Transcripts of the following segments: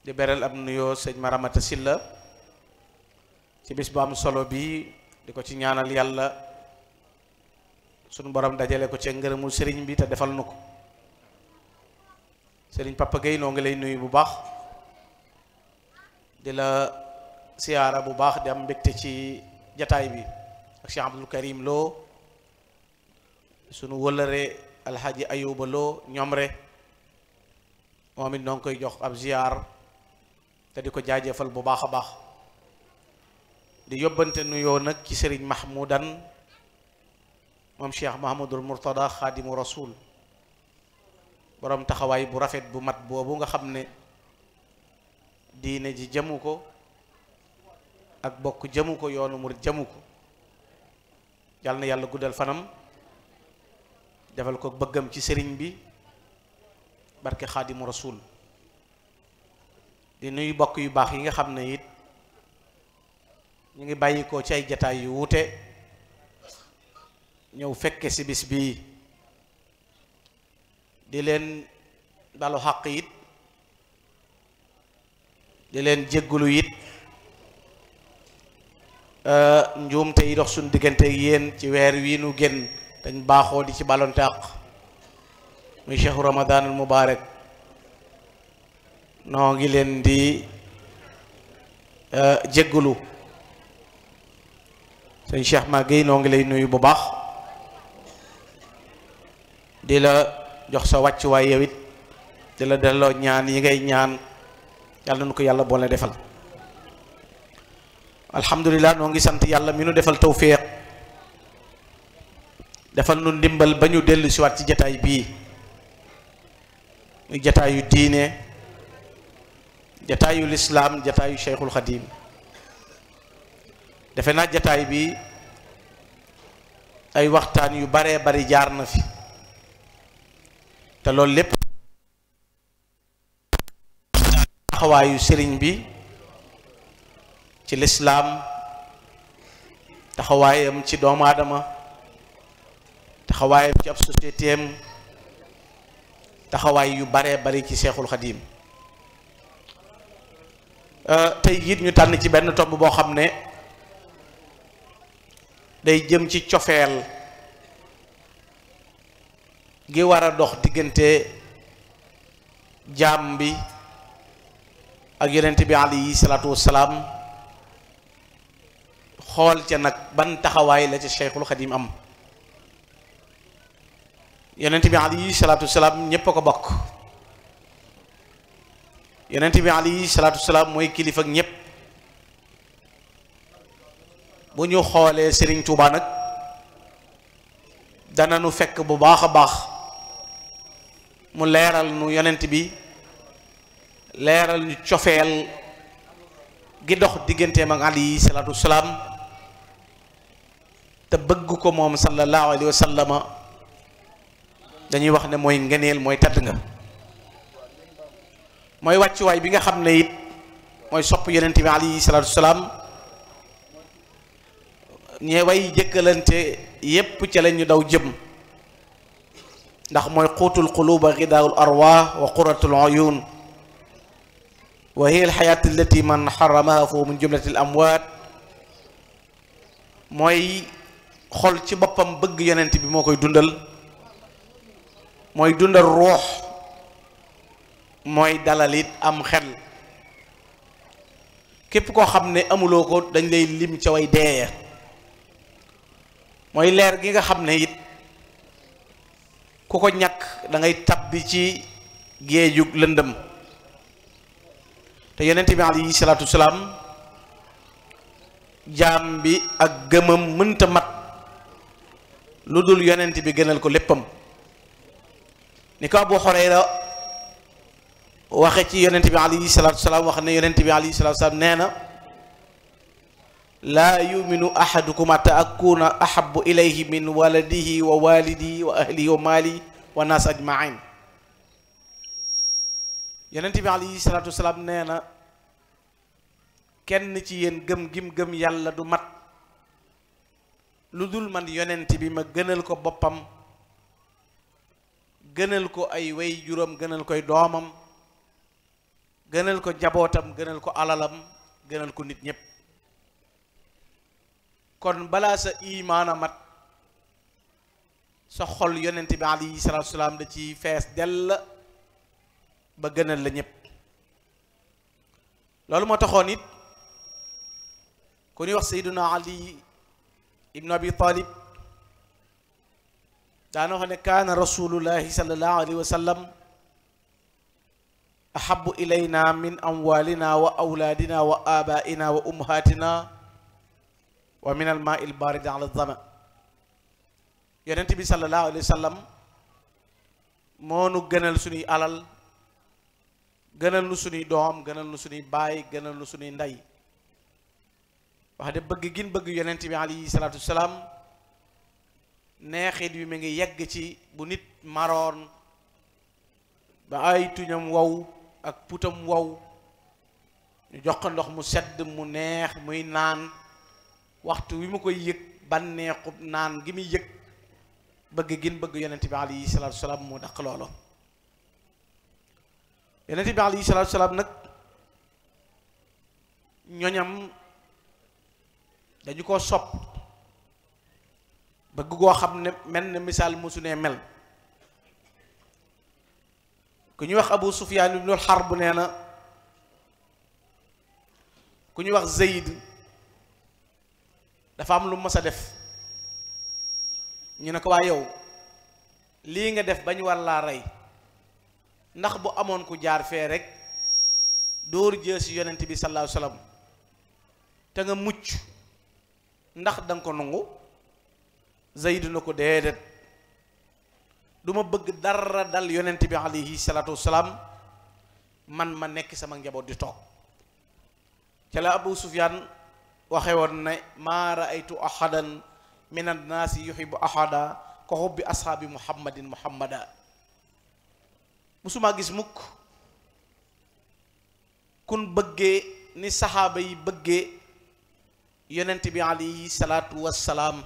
di beral ab nuyoo sëñ Maramata Silla ci bis bu am solo bi di ko ci ñaanal yàlla sunu borom dajale ko ci ngërëmul sëriñ bi te defal na ko sëriñ Papa Gueye noo ngi lay nuyu bu baax di la siyaara bu baax di am mbégte ci jataay bi ak Cheikh Abdul Karim Lo sunu wëlëre alxaaji Ayuba Lo ñoom moom it noo ngi koy jox ab ziar te di ko jaajëfal bu baax a baax di yóbbante nuyoo nag ci sëriñ mahmoudan moom cheikh mahamadul murtada xaadimu rasul boroom taxawaay bu rafet bu mat boobu nga xam ne diine ji jëmu ko ak bokk jëmu ko yoonu murit jëmu ko yal na yàlla guddal fanam defal ko bëggam ci sëriñ bi barke xaadimu rasul di nuyu bokk yu baax yi nga xam ne it ñu ngi bàyyikoo ci ay jataay yu wuute ñëw fekke sibis bi di leen balu xaq yit di leen jéggulu it e, njuumte yi dox suñ diggante yéen ci weer wii nu génn dañ baaxoo di ci balonte ak muy cheikhu ramadanul mubarak noo ngi leen di eh, jéggulu sëñ Cheikh Maguèye noo ngi lay nuyu bu baax di la jox sa wàccuwaay yow it di la delloo ñaan yi ngay ñaan yàlla nu ko yàlla boole defal alhamdulilah noo ngi sant yàlla mi nu defal tawféex defal nu ndimbal ba ñu dellu siwaat ci jataay bii muy jataayu diine jataayu lislaam jataayu cheikhul xadim defe naa jataay bi ay waxtaan yu baree bari jaar na fi te loolu lépp taxawaayu sëriñ bi ci lislaam taxawaayam ci doomu aadama taxawaayam ci ab société taxawaay yu baree bari ci seexul xadim Euh, tey it ñu tànn ci benn tomb boo xam ne day jëm ci cofeel gi war a dox diggante jaam bi ak yonent bi alayhi salaatu wassalaam xool ca nag ban taxawaay la ca Cheikhul Xadim am yonent bi alayhi salaatu wassalaam ñépp ko bokk yonent bi alayhi salaatu salaam mooy kilifa ak ñëpp bu ñu xoolee Serigne Touba nag dana nu fekk bu baax a baax mu leeral nu yonent bi leeral ñu cofeel gi dox digganteem ak alayhi salaatu salaam te bëgg ko moom sallallahu alayhi wa dañuy wax ne mooy ngëneel mooy tedd nga. mooy wàccuwaay bi nga xam ne it mooy sopp yonent bi alayhi salaatu wasalaam ñee way jëkkalante yépp ca la ñu daw jëm ndax mooy xuutul quluba gidaawul arwah wa quratul uyun wa hiya alxayaat allati man xaramaha foo min jumlati al amwaat mooy xol ci boppam bëgg yonent bi moo koy dundal mooy dundal ruux mooy dalal it am xel képp koo xam ne amuloo ko dañ lay lim ca way deeya mooy leer gi nga xam ne it ku ko ñàkk dangay ngay bi ci géejug lëndëm te yonent bi alayhi salaatu salaam bi ak gëmam mënta mat lu dul yonent bi gënal ko léppam ni ko Abu Hurayra waxe ci yonent bi alayhi salaatu salaam wax ne yonent bi alayhi salaatu salaam nee na laa yuminu ahadukum ata akuna ahabu ilayhi min waladihi wa walidi wa ahlihi wa maali wa naas ajmain yonent bi alayhi salaatu salaam nee na kenn ci yéen gëm gim gëm yàlla du mat lu dul man yonent bi ma gënal ko boppam gënal ko ay way juróom gënal koy doomam gënal ko jabootam gënal ko alalam gënal ko nit ñépp kon balaa sa imaana mat sa xol yonent bi alayhi salaam da ci fees dell ba gënal la ñépp loolu moo taxoon it ku ñuy wax sayduna ali ibnu abi talib daana ne kaana rasulullahi sallallahu alayhi wa ahabu ilayna min wa awlaadina wa abaina wa ummahatina wa min alma il baridi ala zama yonent bi sallallahu alayhi wa moo nu gënal suñuy alal gënal nu suñuy doom gënal nu suñuy baay gënal nu suñuy ndey wax de bëgg gin bëgg yonent bi alayhi salaatu wasalaam neexit wi mu ngi yegg ci bu nit maroon ba ay tuñam wow ak puutam wow ñu jox ko ndox mu sedd mu neex muy naan waxtu wi mu koy yëg bànneexub naan gi muy yëg bëgg gin bëgg yonent bi alayhi salaatu salaam mu daq loolo yonent bi alayhi salaat salaam nag ñoñam dañu ko sopp bëgg goo xam ne mel na misaal mosu ne mel ku ñuy wax abu sufyaan xar bu nee na ku ñuy wax zeyd dafa am lu mas a def ñu ne ko waa yow lii nga def ba ñu war laa rey ndax bu amoon ku jaar fee rek dóor jësi yonent bi sallallahu alayhi te nga mucc ndax danga ko nangu zeyd na ko déedéet duma bëgg dara dal yonent bi alayhi salaatu wasalaam man ma nekk sama njaboot di toog ca la abu sufyaan waxe woon ne maa raaytu ahadan min annaasi yuhibu ahada ko xubbi ashaabi muhammadin muhammada musumaa gis mukk kun bëggee ni saxaaba yi bëggee yonent bi alayhi salaatu wasalaam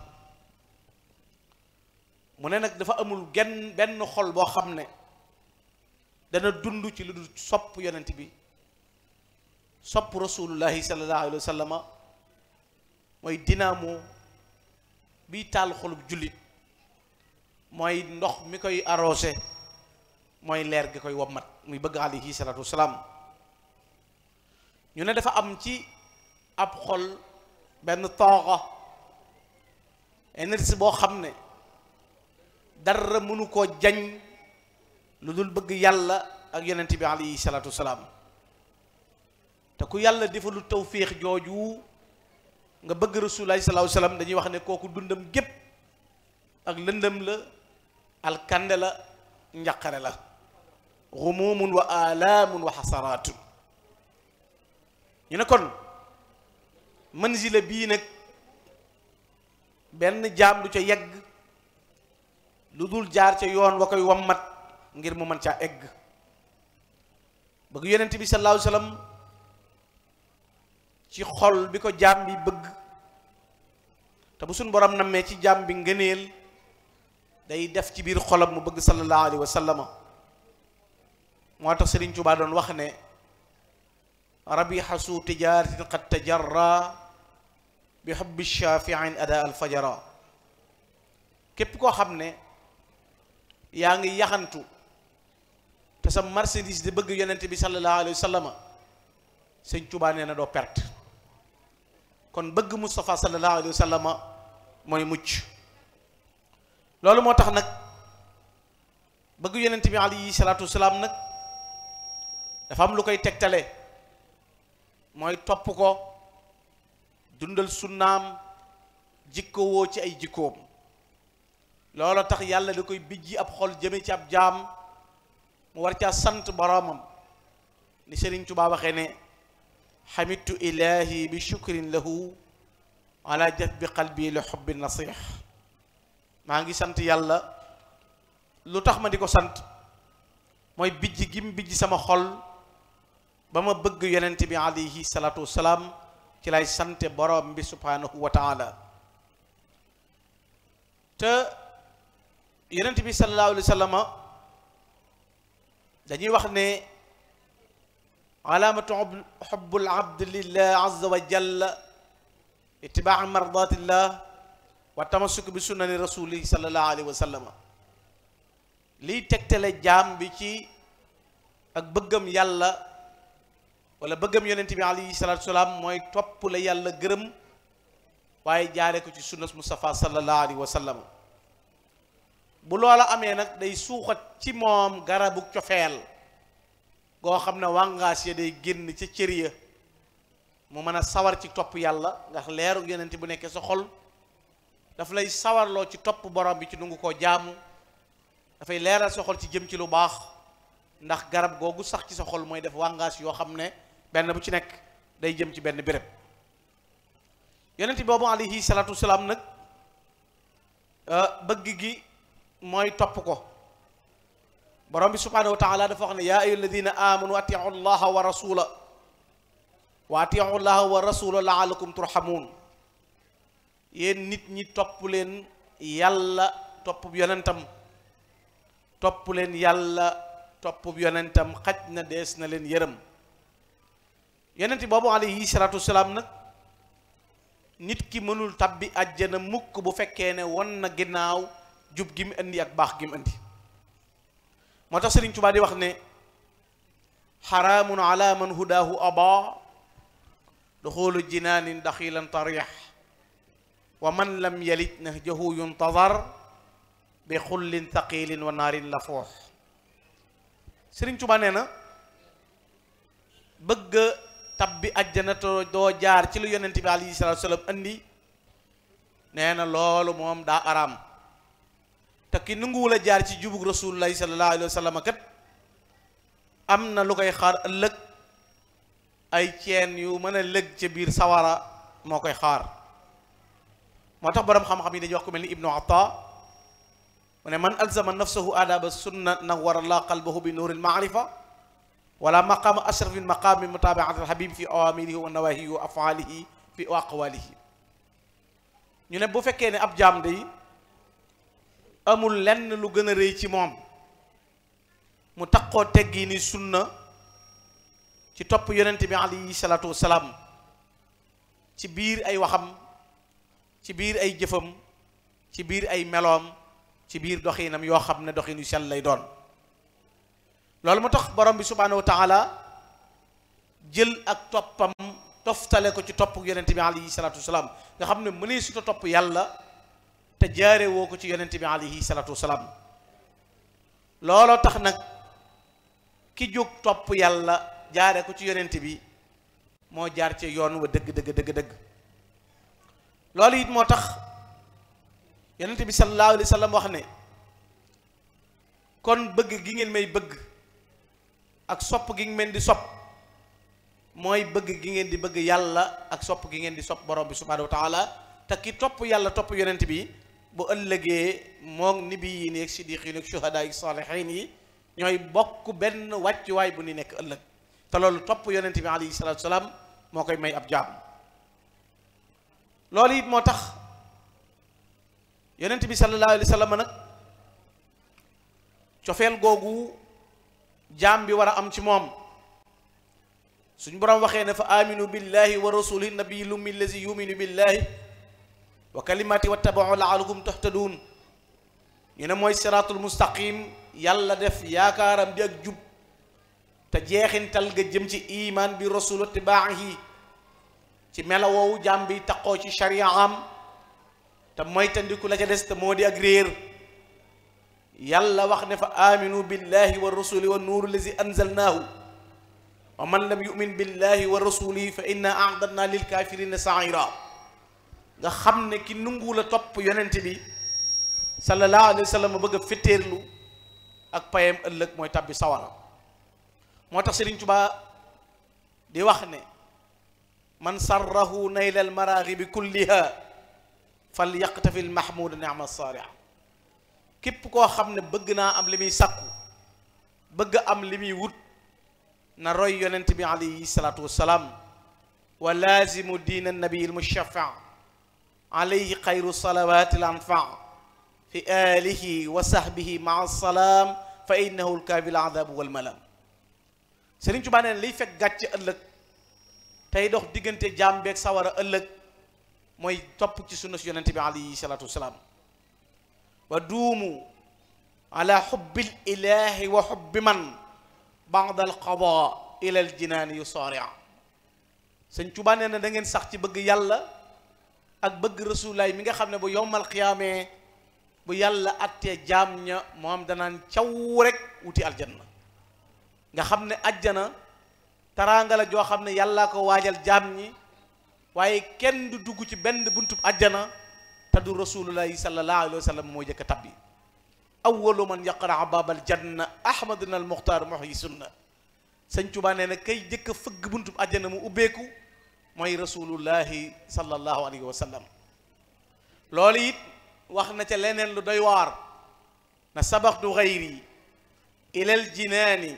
mu ne nag dafa amul genn benn xol boo xam ne dana dund ci lu dul sopp yonent bi sopp rasulullahi sallallahu alayhi wa mooy dinaamo bi taal xolub jullit mooy ndox mi koy arrosé mooy leer gi koy wommat muy bëgg alayhi salatu wasalaam ñu ne dafa am ci ab xol benn tooxa énergie boo xam ne dara mënu ko jañ lu dul bëgg yàlla ak yonent bi alayhi salaatu wasalaam te ku yàlla defalu tawféex jooju nga bëgg rasulaay salaahu salaam dañuy wax ne kooku dundam gépp ak lëndëm la alkande njaqare la xumumun wa alaamun wa xasaraatun ñu ne kon manzila bii nag benn jaam lu ca yegg lu dul jaar ca yoon wa koy wammat ngir mu mën caa egg bëgg yonent bi sallallahu alayhi wasallam ci xol bi ko jaam bi bëgg te bu suñ borom nammee ci jaam bi ngëneel day def ci biir xolam mu bëgg salaa alayhi wasallam moo tax Sëriñ Tuubaa doon wax ne rabiha suu tijaratin qad tajarra bi hubbi shafiin ada alfajara képp koo xam ne yaa ngi yaxantu te sa marchandise di bëgg yonent bi sallallahu alayhi wa sallam sëñ Tuubaa na doo perte kon bëgg Moustapha sallallahu alayhi wa sallam mooy mucc loolu moo tax nag bëgg yonent bi alayhi salaatu wasalaam nag dafa am lu koy tegtale mooy topp ko dundal sunnaam jikkowoo ci ay jikkoom looloo tax yàlla da koy bijji ab xol jëme ci ab jaam mu war caa sant boroomam ni Sëriñ Tuubaa waxee ne xamidtu ilaahi bi shukrin lahu ala jaf bi qalbi li xubbi nasix maa ngi sant yàlla lu tax ma di ko sant mooy bijj gi mu sama xol ba ma bëgg yonent bi alayhi salaatu salaam ci lay sante boroom bi subhaanahu wa yonent bi sallallahu alayhi dañuy wax ne alaamatu xubbul abdi lillah azza wa jalla itibaa mardatillah wa tamasuk bi sunnani rasuli sallallahu alayhi wa sallam liy tegtale jaam bi ci ak bëggam yàlla wala bëggam yonent bi alayhi salatu salaam mooy topp la yàlla gërëm waaye jaare ko ci sunnas Mustafa sallallahu alayhi bu loola amee nag day suuxat ci moom garabu cofeel goo xam ne wàngaas ya day génn ci cër ya mu mën a sawar ci topp yàlla ndax leeru yonent bu nekkee sa xol daf lay sawarloo ci topp borom bi ci dungu koo jaamu dafay leeral sa xol ci jëm ci lu baax ndax garab googu sax ci sa xol mooy def wàngaas yoo xam ne benn bu ci nekk day jëm ci benn béréb yonent boobu alayhi salaatu wasalaam nag euh, bëgg gi mooy topp ko borom bi subhanahu wa taala dafa wax ne yaa ayyuha alladina amanu atiu llaha wa rasula wa atiu llaha wa rasula laalakum turhamun yéen nit ñi topp leen yàlla toppub yonentam topp leen yàlla toppub yonentam xaj na dees na leen yërëm yonenti boobu alayhi salaatu wasalaam nag nit ki mënul tabbi àjjana mukk bu fekkee ne won na ginnaaw jub gi mu indi ak baax gi mu indi moo tax Sëriñ Tuubaa di wax ne xaraamun ala man hudaahu aba duxulu jinaanin daxilan tarix wa man lam yalij nahjahu yuntazar bi xullin thaqilin wa naarin la foox Sëriñ Tuubaa nee na bëgg tabbi àjjana te doo jaar ci lu yonent bi alayhi salaatu wa nee na loolu moom daa araam te ki nanguwul a jaar ci jubug rasulullahi sallallahu alayhi wa sallam am na lu koy xaar ëllëg ay ceen yu mën a lëg ca biir sawara moo koy xaar moo tax boroom xam-xam yi dañuy wax ko mel ni ibnu ataa mu ne man alzama nafsahu adaba sunna nawara allah qalbahu bi nuuril maarifa wala maqama ashraf min maqami mutabaati alhabib fi awamirihi wa nawahihi wa afaalihi fi aqwalihi ñu ne bu fekkee ne ab jaam day amul lenn lu gën a rëy ci moom mu taqoo teggi ni sunna ci topp yonent bi alayhi salaatu wasalaam ci biir ay waxam ci biir ay jëfam ci biir ay meloom ci biir doxinam yoo xam ne doxin yu sell lay doon loolu mu tax borom bi subhaanahu wa taala jël ak toppam toftale ko ci topp yonent bi alayhi salaatu wasalaam nga xam ne mënee su ta topp yàlla te jaare woo ko ci yonent bi alayhi salaatu salaam looloo tax nag ki jóg topp yàlla jaare ko ci yonent bi moo jaar ci yoon wa dëgg dëgg dëgg dëgg loolu it moo tax yonent bi sallallahu alayhi wa sallam wax ne kon bëgg gi ngeen may bëgg ak sopp gi ngeen di sopp mooy bëgg gi ngeen di bëgg yàlla ak sopp gi ngeen di sopp borom bi subhaanahu wa taala te ki topp yàlla topp yonent bi bu ëllëgee moog nabiyyiin ak siddiqiin ak shuhadaa ak saalihiin yi ñooy bokk benn wàccuwaay bu ni nekk ëllëg te loolu topp yonent bi alayhi salaatu salaam moo koy may ab jaam loolu it moo tax yonent bi sallallahu alayhi wa nag cofeel googu jaam bi war a am ci moom suñ boroom waxee ne fa aminu billahi wa rasuli nabi lumi allazi yuminu billahi wa kalimati wattabau laalakum toxtaduun ñu ne mooy siraatul mustaqim yàlla def yaakaaram bi ak jub te jeexintal nga jëm ci iman bi rasul tibaahi ci melawoowu jàmm bi taqoo ci shariaam te moytandiku la ca des te moo di ak réer yàlla wax ne fa aminu billahi wa rasuli wa nuuru lazi anzalnaahu wa man lam yumin billahi wa rasulihi fa inna aadadna lilkafirina saira nga xam ne ki nungu la topp yonent bi sallallahu alayhi wa sallam bëgg a fetteerlu ak payam ëllëg mooy tàbbi sawara moo tax si Sëriñ Tuubaa di wax ne man sarrahu nayla almaraaxibi kulliha fal yaqtafi almahmuda niama saaria képp koo xam ne bëgg naa am li muy sàkku bëgg am li muy wut na roy yonent bi alayhi salaatu wassalaam wa laazimu diina nabi almushafaa alayhi xayru salawaati l anfa fi alihi wa sahbihi maa salaam fa innahu lkaafi l adabu walmalaam Sëriñ Tuubaa nee liy fekk gàcce ëllëg tey dox diggante jaam beeg sawara ëllëg mooy topp ci sunna si yonente bi alayhi salaatu wasalaam wa duumu ala xubbil ilahi wa xubbi man baada alqada ila aljinaani yusaria Sëriñ Tuubaa nee na da ngeen sax ci bëgg yàlla ak bëgg rasulaay mi nga xam ne bu yowmal xiyaamee bu yàlla attee jaam ña moo am danaan caw rek wuti aljanna nga xam ne ajjana taraanga la joo xam ne yàllaa ko waajal jaam ñi waaye kenn du dugg ci benn buntub ajjana te du rasulullahi sallallahu alayhi wa sallam mooy jëkk tabbi awwalu man yaqra baabal janna ahmaduna al muxtaar muhyi sunna sëñ Tuubaa nee na kay jëkk a fëgg buntub ajjana mu ubbeeku mooy rasulullahi sallallahu alayhi wa loolu it wax na ca leneen lu doy waar na sabaxtu xayri ilal jinaani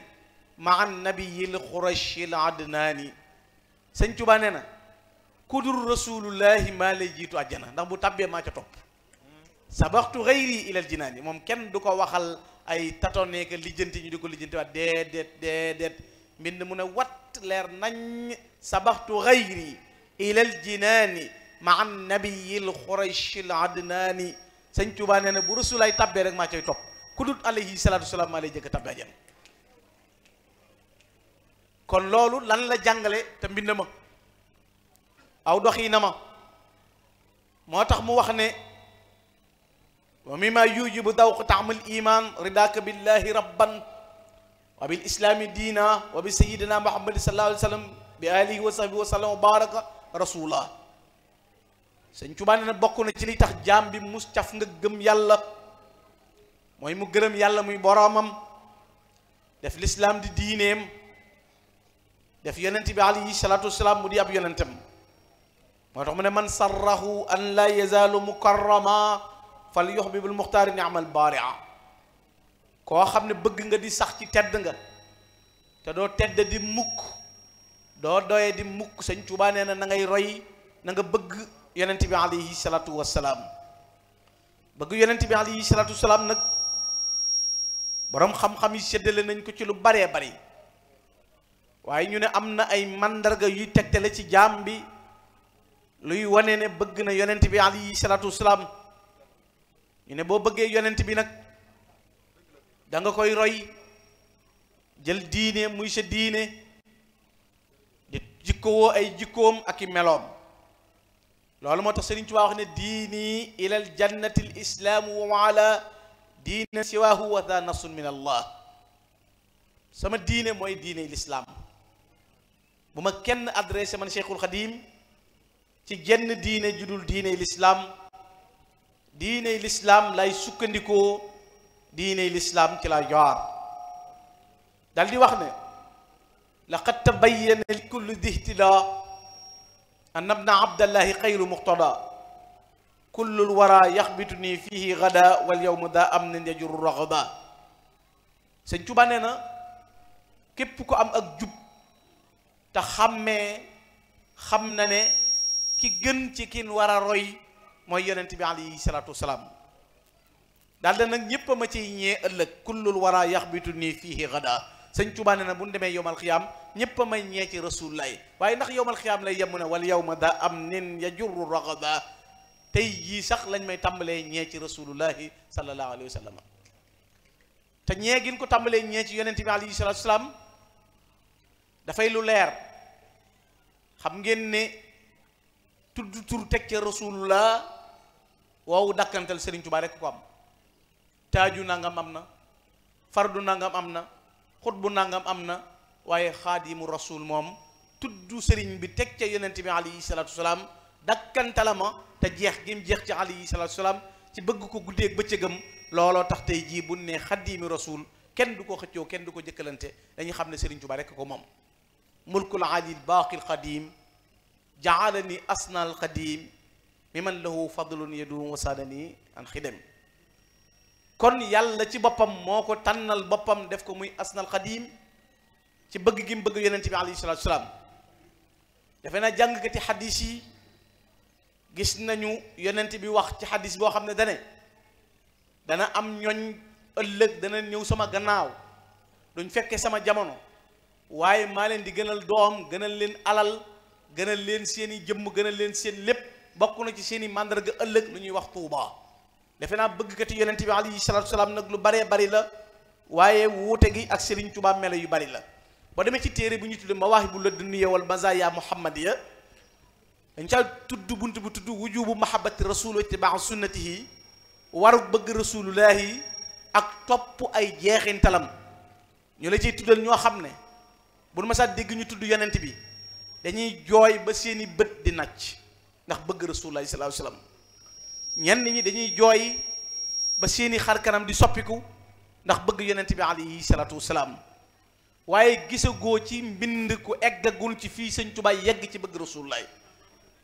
maa nabiyil xurashil adnaani sëñ Tuba nee na ku dul rasulullahi maa lay jiitu àjjana ndax bu tabbee maa ca topp sabaxtu xayri ilal jinaani moom kenn du ko waxal ay tatoneeka lijjanti ñu di ko lijjanti waat déedéet déedéet mbind mu ne wat leer nañ sabaxtu xayri ilal jinaani ma an nabiyil xurayshil adnaani sëñ Tuubaa nee na bu rasulaay tabbee rek maa coy topp ku dut alayhi salaatu wasalaam maa lay jëkk tabbe ajam kon loolu lan la jàngale te mbind ma aw doxiina ma moo tax mu wax ne wa mimma yujibu dawq taamul iman ridaka billahi rabban wa bil islaami diina wa bi sayidina muhammadi sallallahu alayhi bi alihi wa sahbihi wa wa baraka rasulullah sëñ Tuubaa nee na bokk na ci li tax jaam bi mus caf nga gëm yàlla mooy mu gërëm yàlla muy boroomam def lislaam di diineem def yonent bi alayhi salaatu wasalaam mu di ab yonentam moo tax mu ne man sarrahu an la yazaalu mukarrama fal yuxbibul muxtaari ni'mal baaria koo xam ne bëgg nga di sax ci tedd nga te doo tedd di mukk doo doye di mukk sañ Tuubaa na na ngay roy nanga bëgg yonent bi alayhi salaatu wassalaam bëgg yonent bi alayhi salaatu wassalaam nag boroom xam-xam yi seddale nañ ko ci lu baree bari waaye ñu ne am na ay màndarga yuy tegtale ci jaam bi luy wane ne bëgg na yonent bi alayhi salaatu wassalaam ñu ne boo bëggee yonent bi nag danga koy roy jël diine muy sa diine di ay jikkoom ak i meloom loolu moo tax Sëriñ Tuubaa wax ne diini ilal jannati l islaamu wa ala diina siwaahu wa da nasun min allah sama diine mooy diine lislaam bu ma kenn adressé man Cheikhul Xadim ci genn diine judul diine lislaam diine lislaam lay sukkandikoo diiney lislaam ci la jaar dal wax ne laqad tabayyana li kulli dihtidaa an abna abdallahi xayru muqtadaa kullul wara yaxbitu nii fiihi gadaa wal yawmu daa amnin yajuru ragadaa sëñ Tuubaa na képp ko am ak jub te xàmmee xam na ne ki gën ci kin war roy mooy yonent bi alayhi salaatu daal da nag ñëpp a ma ciy ñee ëllëg kullul bi tu nii fiihi gada sëñ Tuubaa ne na bu ñu demee yowmal xiyaam ñëpp a may ñee ci rasulullaay waaye ndax yowmal xiyaam lay yem mu ne wal yawma da am nin ya jurru ragada tey yii sax lañ may tàmbalee ñee ci rasulullahi sallallahu alayhi wa sallam te ñee ko tàmbalee ñee ci yonente bi alayhi salatu salaam dafay lu leer xam ngeen ne tudd tur teg ca rasulullah woowu dakkantal sëriñ Tuubaa ku ko am taaju nangam am na fardu nangam am na xutbu nangam am na waaye xaadimu rasul moom tudd sëriñ bi teg ca yonent bi alayhi salaatu salaam dakkantala ma te jeex gi jeex ci alayhi salaatu salaam ci bëgg ko guddeeg bëccëgam looloo tax tey jii bu ne xaadimu rasul kenn du ko xëccoo kenn du ko jëkkalante dañuy xam ne sëriñ ba rekk ko moom mulkul alil baaqil qadim jaalani asnal qadim mi man lahu fadlun yadum wasaadani an xidami kon yàlla ci boppam moo ko tànnal boppam def ko muy asnal xadiim ci bëgg gi mu bëgg yonent bi alayhi salaam defe naa jàngkati xadis yi gis nañu yonent bi wax ci xadis boo xam ne dane dana am ñoñ ëllëg dana ñëw sama gannaaw duñ fekke sama jamono waaye maa leen di gënal doom gënal leen alal gënal leen seeni jëmm gënal leen seen lépp bokk na ci seeni màndarga ëllëg lu ñuy wax tuubaa defe naa bëggkati yonent bi alayhi salaatu salaam nag lu baree bari la waaye wuute gi ak Serigne Touba melo yu bari la boo demee ci téere bu ñu tudd Mawaahibul Ladunniya wal Mazaaya Muhammadiya dañ ca tudd bunt bu tudd wujubu mahabbati rasul wa itibaa yi waru bëgg rasulullahi ak topp ay jeexintalam ñu la ciy tuddal ñoo xam ne bu ma saa dégg ñu tudd yonent bi dañuy jooy ba seeni bët di nàcc ndax bëgg rasulullahi sallallahu alayhi ñenn ñi dañuy jooy ba seeni xar kanam di soppiku ndax bëgg yonent bi alayhi salaatu wasalaam waaye gisagoo ci mbind ku eggagul ci fii sëñ tubaay yegg ci bëgg rasulullahi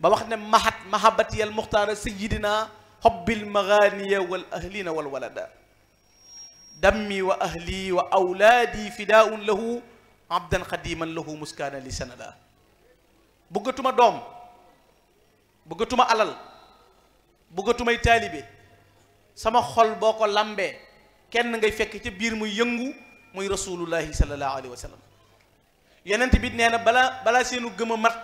ba wax ne mahat mahabati al muxtaara sayidina hobbil maganiya wal ahlina wal walada dammi wa ahli wa awlaadi fidaun lahu abdan xadiman lahu muskaana li sanada bëggatuma doom bëggatuma alal bëggatumay taalibe sama xol boo ko lambee kenn ngay fekk ca biir muy yëngu muy rasulullahi sallallahu alayhi wa sallam bi nee na balaa balaa seenu gëm a mat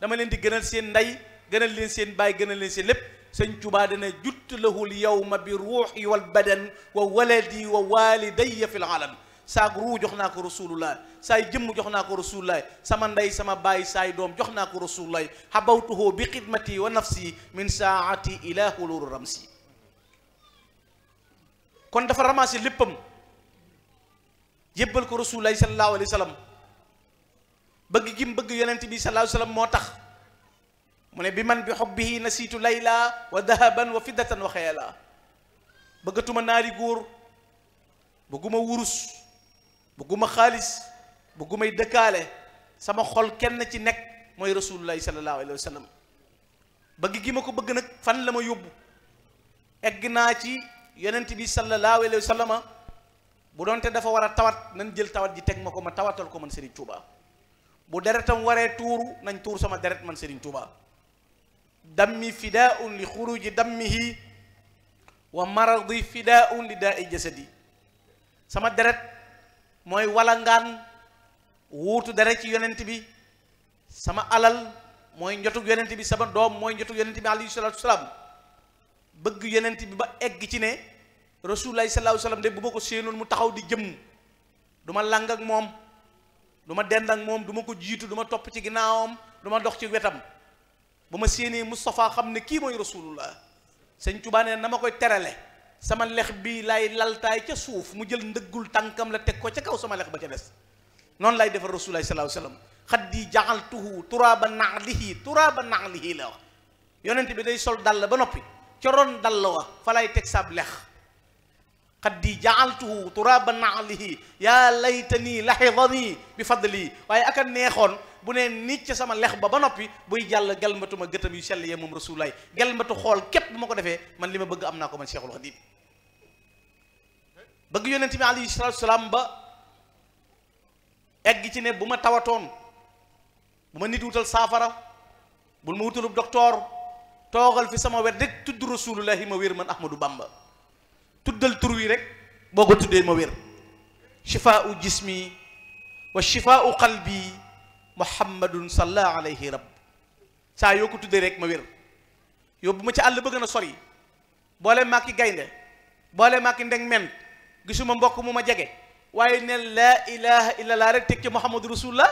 dama leen di gënal seen ndey gënal leen seen baay gënal leen seen lépp sëñ Tuubaa dana jutt lahul yawma bi ruuxi wal badan wa waladi wa walidayya fil alam saag ruu jox naa ko rasulullah saay jëmm jox naa ko rasulullah sama ndey sama baay saay doom jox naa ko rasulullah habawtuhu bi xidmati wa nafsi min saati ila huluru ramsi kon dafa ramassé léppam yébbal ko rasulullah sallallahu alayhi wa sallam bëgg gim bëgg yonent bi sallallahu alayhi moo tax mu ne bi man bi xubbihi nasiitu layla wa dahaban wa fiddatan wa xeela bëggatuma naari góor bëgguma wurus bëgguma xaalis bëggumay dëkkaale sama xol kenn ci nekk mooy rasulullahi sallallahu alayhi wa sallam bëgg gi ma ko bëgg nag fan la ma yóbbu egg naa ci yonent bi sallallahu alayhi wa sallama bu doonte dafa war a tawat nañ jël tawat ji teg ma ko ma tawatal ko man Serigne Touba bu deretam waree tuuru nañ tuur sama deret man Serigne Touba dammi fidaun li xuruji dammihi wa maradi fidaun li daa i jasadi sama deret mooy walangaan wuutu dara ci yonent bi sama alal mooy njotug yonent bi sama doom mooy njotug yonent bi alayhi salaatu salaam bëgg yonent bi ba egg ci ne rasulullahi sallallahu salaam de bu ma ko séenoon mu taxaw di jëm du ma lang ak moom du ma dend ak moom duma ko jiitu du topp ci ginnaawam du dox ci wetam bu ma séenee Moustapha xam ne kii mooy rasulullah sëñ Tuubaa ne na ma koy terale sama lex bi lay laltaay ca suuf mu jël ndëggul tànkam la teg ko ca kaw sama lex ba ca des noonu lay defar rasulullahi sallallahu alayhi wasallam xaddi jaxaltuhu turaaba naalihi turaaba naalihi la wax yonent bi day sol dàll ba noppi ca ron dàll wa fa lay teg sab lex xaddi jaxaltuhu turaaba naalihi yaa laytani laxidani bi fadli waaye aka neexoon bu nee nit ca sama lex ba ba noppi buy jàll ma gëtam yu sell yee moom rasulaay gelmatu xool képp bu ma ko defee man li ma bëgg am naa ko man Cheikhul Khadim bëgg yonent bi alayhi salaatu salaam ba egg ci ne bu ma tawatoon bu ma nit wutal saafara bul ma wutalub docteur toogal fi sama wet rek tudd rasulullahi ma wér man Ahmadou Bamba tuddal tur wi rek boo ko tuddee ma wér shifaau jismi wa shifaau qalbi muhammadun salla alayhi rabb saa yoo ko tuddee rek ma wér yóbbu ma ci àll ba gën a sori boole maa ki gaynde boole maa ki ndeg men gisuma mbokk mu ma jege waaye ne laa ilaha illallah rek teg ci muhammadu rasulullah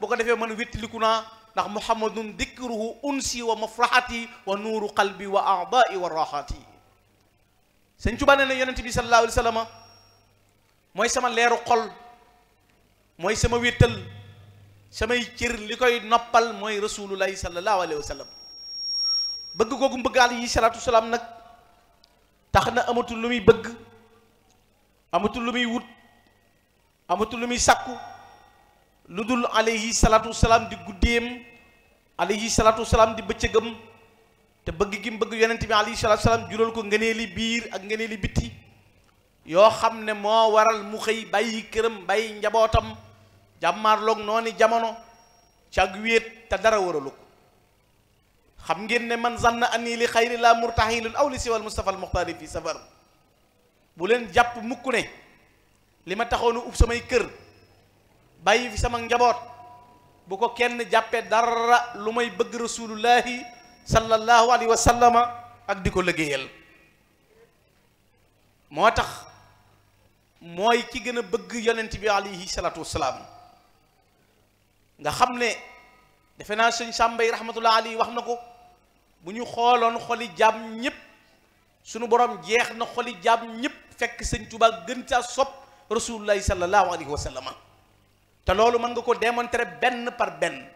boo ko defee man wéttiliku naa ndax muhammadun dikruhu unsi wa mafrahati wa nuuru qalbi wa aadai wa raxaati sëñ Tuubaa nee na yonente bi sallallahu alayhi wa sallam mooy sama leeru xol mooy sama wéttal samay cër li koy noppal mooy rasulullahi sallallahu alayhi wa sallam bëgg googu bëgg alayhi salaatu salaam nag tax na amatul lu muy bëgg amatul lu muy wut amatul lu muy sàkku lu dul alayhi salaatu salaam di guddeem alayhi salaatu salaam di bëccëgam te bëgg gi mu bëgg yonent bi alayhi salaatu salaam jural ko ngëneeli biir ak ngëneeli bitti yoo xam ne moo waral mu xëy bàyyi këram bàyyi njabootam look noonu jamono ci wéet te dara waralu ko xam ngeen ne man zann ani li xayri la murtahilun aw li siwal Mustafa al Muxtaari fi safar bu leen jàpp mukk ne li ma taxoonu ub samay kër bàyyi fi sama njaboot bu ko kenn jàppee dara lu may bëgg rasulullahi sallallahu alayhi wa ak di ko liggéeyal moo tax mooy ci gën a bëgg yonent bi alayhi salaatu wasalaam nga xam ne defe naa sëñ sàmbay rahmatullah ali wax na ko bu ñu xooloon xoli jàmm ñëpp sunu borom jeex na xoli jaam ñëpp fekk sëñ Tuubaa gën caa sopp rasulullahi sallallahu alayhi wa sallam te loolu mën nga ko démontrer benn par benn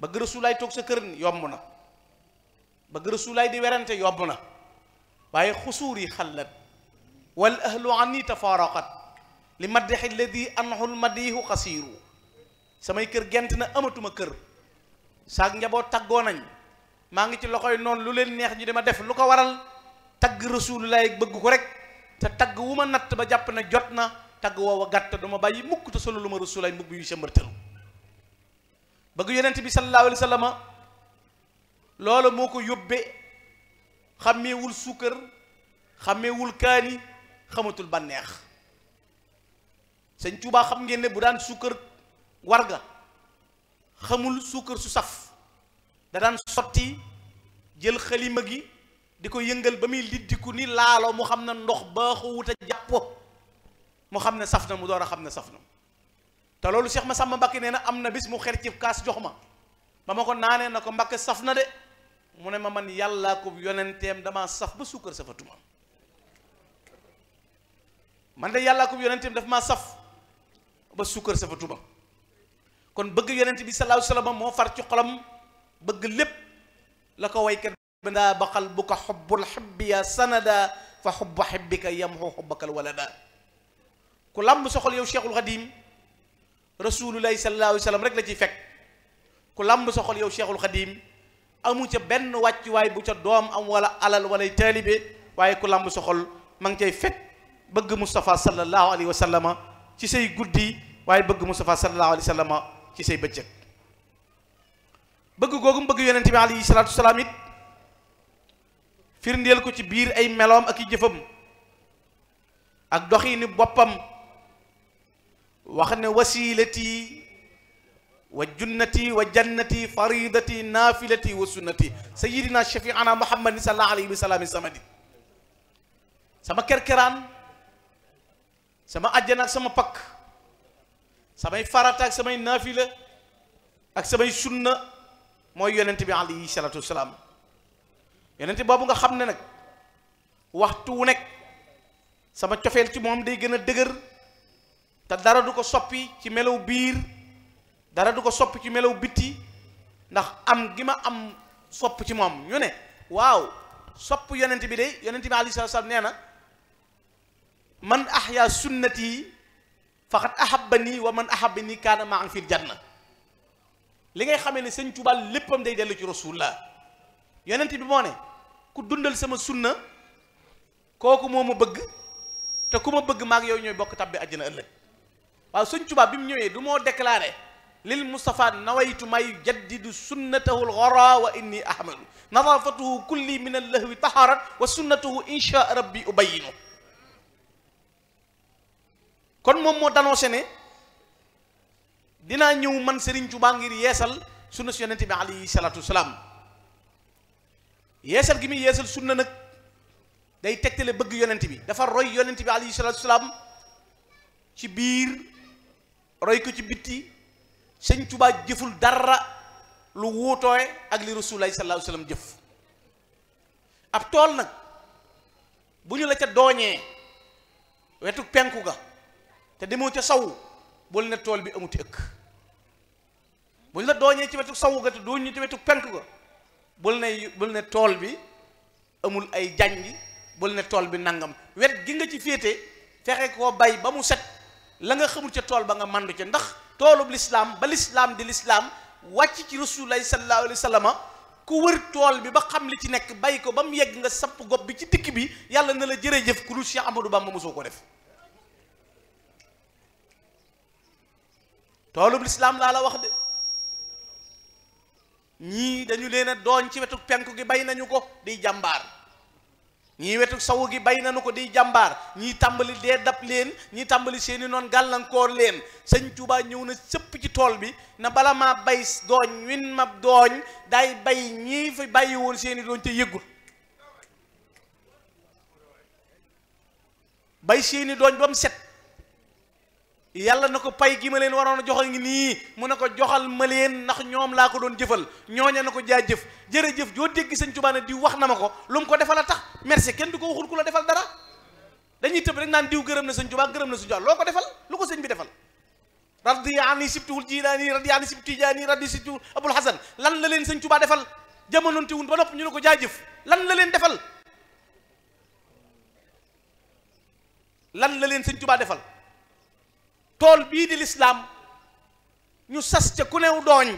bëgg rasulaay toog sa kër yomb na bëgg rasulaay di werante yomb na waaye xusuur yi xallat wal ahlu anni tafaraqat li maddaxi alladi anhu lmadihu xasiiru samay kër gent na amatuma kër saak njaboot taggoo nañ maa ngi ci loxoy noonu lu leen neex ñi dama def lu ko waral tagg rasulullaay bëgg ko rek te tagg wu ma natt ba jàpp ne jot na tagg woowa gàtt du ma bàyyi mukk te solo lu ma rasulaay mbubb yu sëmbartalu bëgg yonent bi sallallahu alayhi wa sallam loolu moo ko yóbbe xàmmeewul suukar xàmmeewul kaani xamatul bànneex sëñ Tuubaa xam ngeen ne bu daan suukar warga xamul suukar su saf da daan sotti jël xalima gi di ko yëngal ba muy liddiku ni laalo mu xam ne ndox baaxuwut a jàppo mu xam ne saf na mu door a xam ne saf na te loolu Cheikh Massamba Mbacké nee na am na bis mu xer ci kaas jox ma ba ma ko naanee na ko Mbacké saf na de mu ne ma man yàllaa ko yonenteem dama saf ba suukar safatuma man yàllaa ko yonenteem daf maa saf ba suukar safatuma kon bëgg yonent bi salaahu salaam moo far ci xolam bëgg lépp la ko waykat ba ndaa baxal bu ko xubbul xibbiya sanada fa xubba xibbika yamxu soxol yow cheikhul xadim rasulullahi rek la ciy fekk ku làmb soxol yow cheikhul amu ca benn wàccuwaay bu ca doom am wala alal walay taalibe waaye ku làmb soxol ma ngi cay fekk bëgg Moustapha sallallahu alayhi wa sallama ci say guddi waaye bëgg Moustapha sallallahu alayhi wa sallama ci say bëccëg bëgg googu mu bëgg yonent bi alayhi salaatu salaam it firndeel ko ci biir ay meloom ak i jëfam ak doxiini boppam wax ne wasilati wa junnati wa jannati faridati naafilati wa sunnati sayidina shafiana muhammadin sallallahu alayhi wa sallam samadi sama kerkeraan sama àjjana sama pakk samay farata ak samay naafila ak samay sunna mooy yonent bi alayhi salaatu salaam yonent boobu nga xam ne nag waxtu wu nekk sama cofeel ci moom day gën a dëgër te dara du ko soppi ci melow biir dara du ko soppi ci melaw bitti ndax am gi ma am sopp ci moom ñu ne waaw sopp yonent bi de yonent bi alayhi salaatu wasalaam nee na man ahya sunnati faxat nii wa man ahabbani kaana maan fil janna li ngay xame ne sëñ Tuubaa léppam day dellu ci rasulullah yonent bi moo ne ku dundal sama sunna kooku moo ma bëgg te ku ma bëgg maak yow ñooy bokk tabbi àjjana ëllëg waaw sëñ bi mu ñëwee du moo déclaré lil Mustafa nawaytu may jaddidu sunnatahu lxora wa inni ahmadu nadafatuhu kulli min al lahwi wa sunnatuhu insha rabbi ubayinu kon moom moo annoncé sene dinaa ñëw man Serigne Touba ngir yeesal sunna si yonente bi alayhi salaatu wasalaam yeesal gi muy yeesal sunna nag day tegtale bëgg yonent bi dafa roy yonent bi alayhi salaatu salaam ci biir roy ko ci bitti sëñ Touba jëful dara lu wuutooy ak li rasulullahi sallallahu alayhi wasallam jëf ab tool nag bu ñu la ca dooñee wetu penku ga te demoo ca saw bul ne tool bi amuti ëkk buñ la dooñee ci wetu saw ga te dooñu ci wetu penk ga bul ne bul tool bi amul ay janj bul ne tool bi nangam wet gi nga ci féete fexe koo bay ba mu set la nga xamul ca tool ba nga mandu ca ndax toolub lislaam ba lislaam di lislaam wàcc ci rasulullahi sallallahu alayhi wa sallama ku wër tool bi ba xam li ci nekk bay ko ba mu yegg nga sapp gopp bi ci dikk bi yàlla na la jërëjëf ku dul Cheikh Amadou Bamba mosoo ko def toolub lislaam laa la wax de ñii dañu leen a dooñ ci wetu penku gi bay nañu ko di jàmbaar ñii wetu sawu gi bay nañu ko di jàmbaar ñii tàmbali dee dab leen ñii tàmbali seeni noon gàllankoor leen sëñ Tuubaa ñëw na sëpp ci tool bi na bala maa bay dooñ win ma dooñ day bay ñii fi bàyyi woon seeni dooñ te yëggul bay seeni dooñ ba mu set yàlla na ko pay gi ma leen waroon a joxal ngi nii mu ne ko joxal ma leen ndax ñoom laa ko doon jëfal ñooña na ko jaajëf jërëjëf joo dégg sëñ Tuubaa ne diw wax na ma ko lu mu ko defal a tax merci kenn du ko waxul ku la defal dara dañuy tëb rek naan diw gërëm na sëñ Tuubaa gërëm na sëñ Tuubaa loo ko defal lu ko sëñ bi defal radiya ani sibtuhul jilaani radiya ani sibtu tijaani radiya sibtu abul hasan lan la leen sëñ Tuubaa defal jamononte wun ba nopp ñu ne ko jaajëf lan la leen defal la leen sëñ Tuubaa defal tool bii di lislaam ñu sas ca ku new dooñ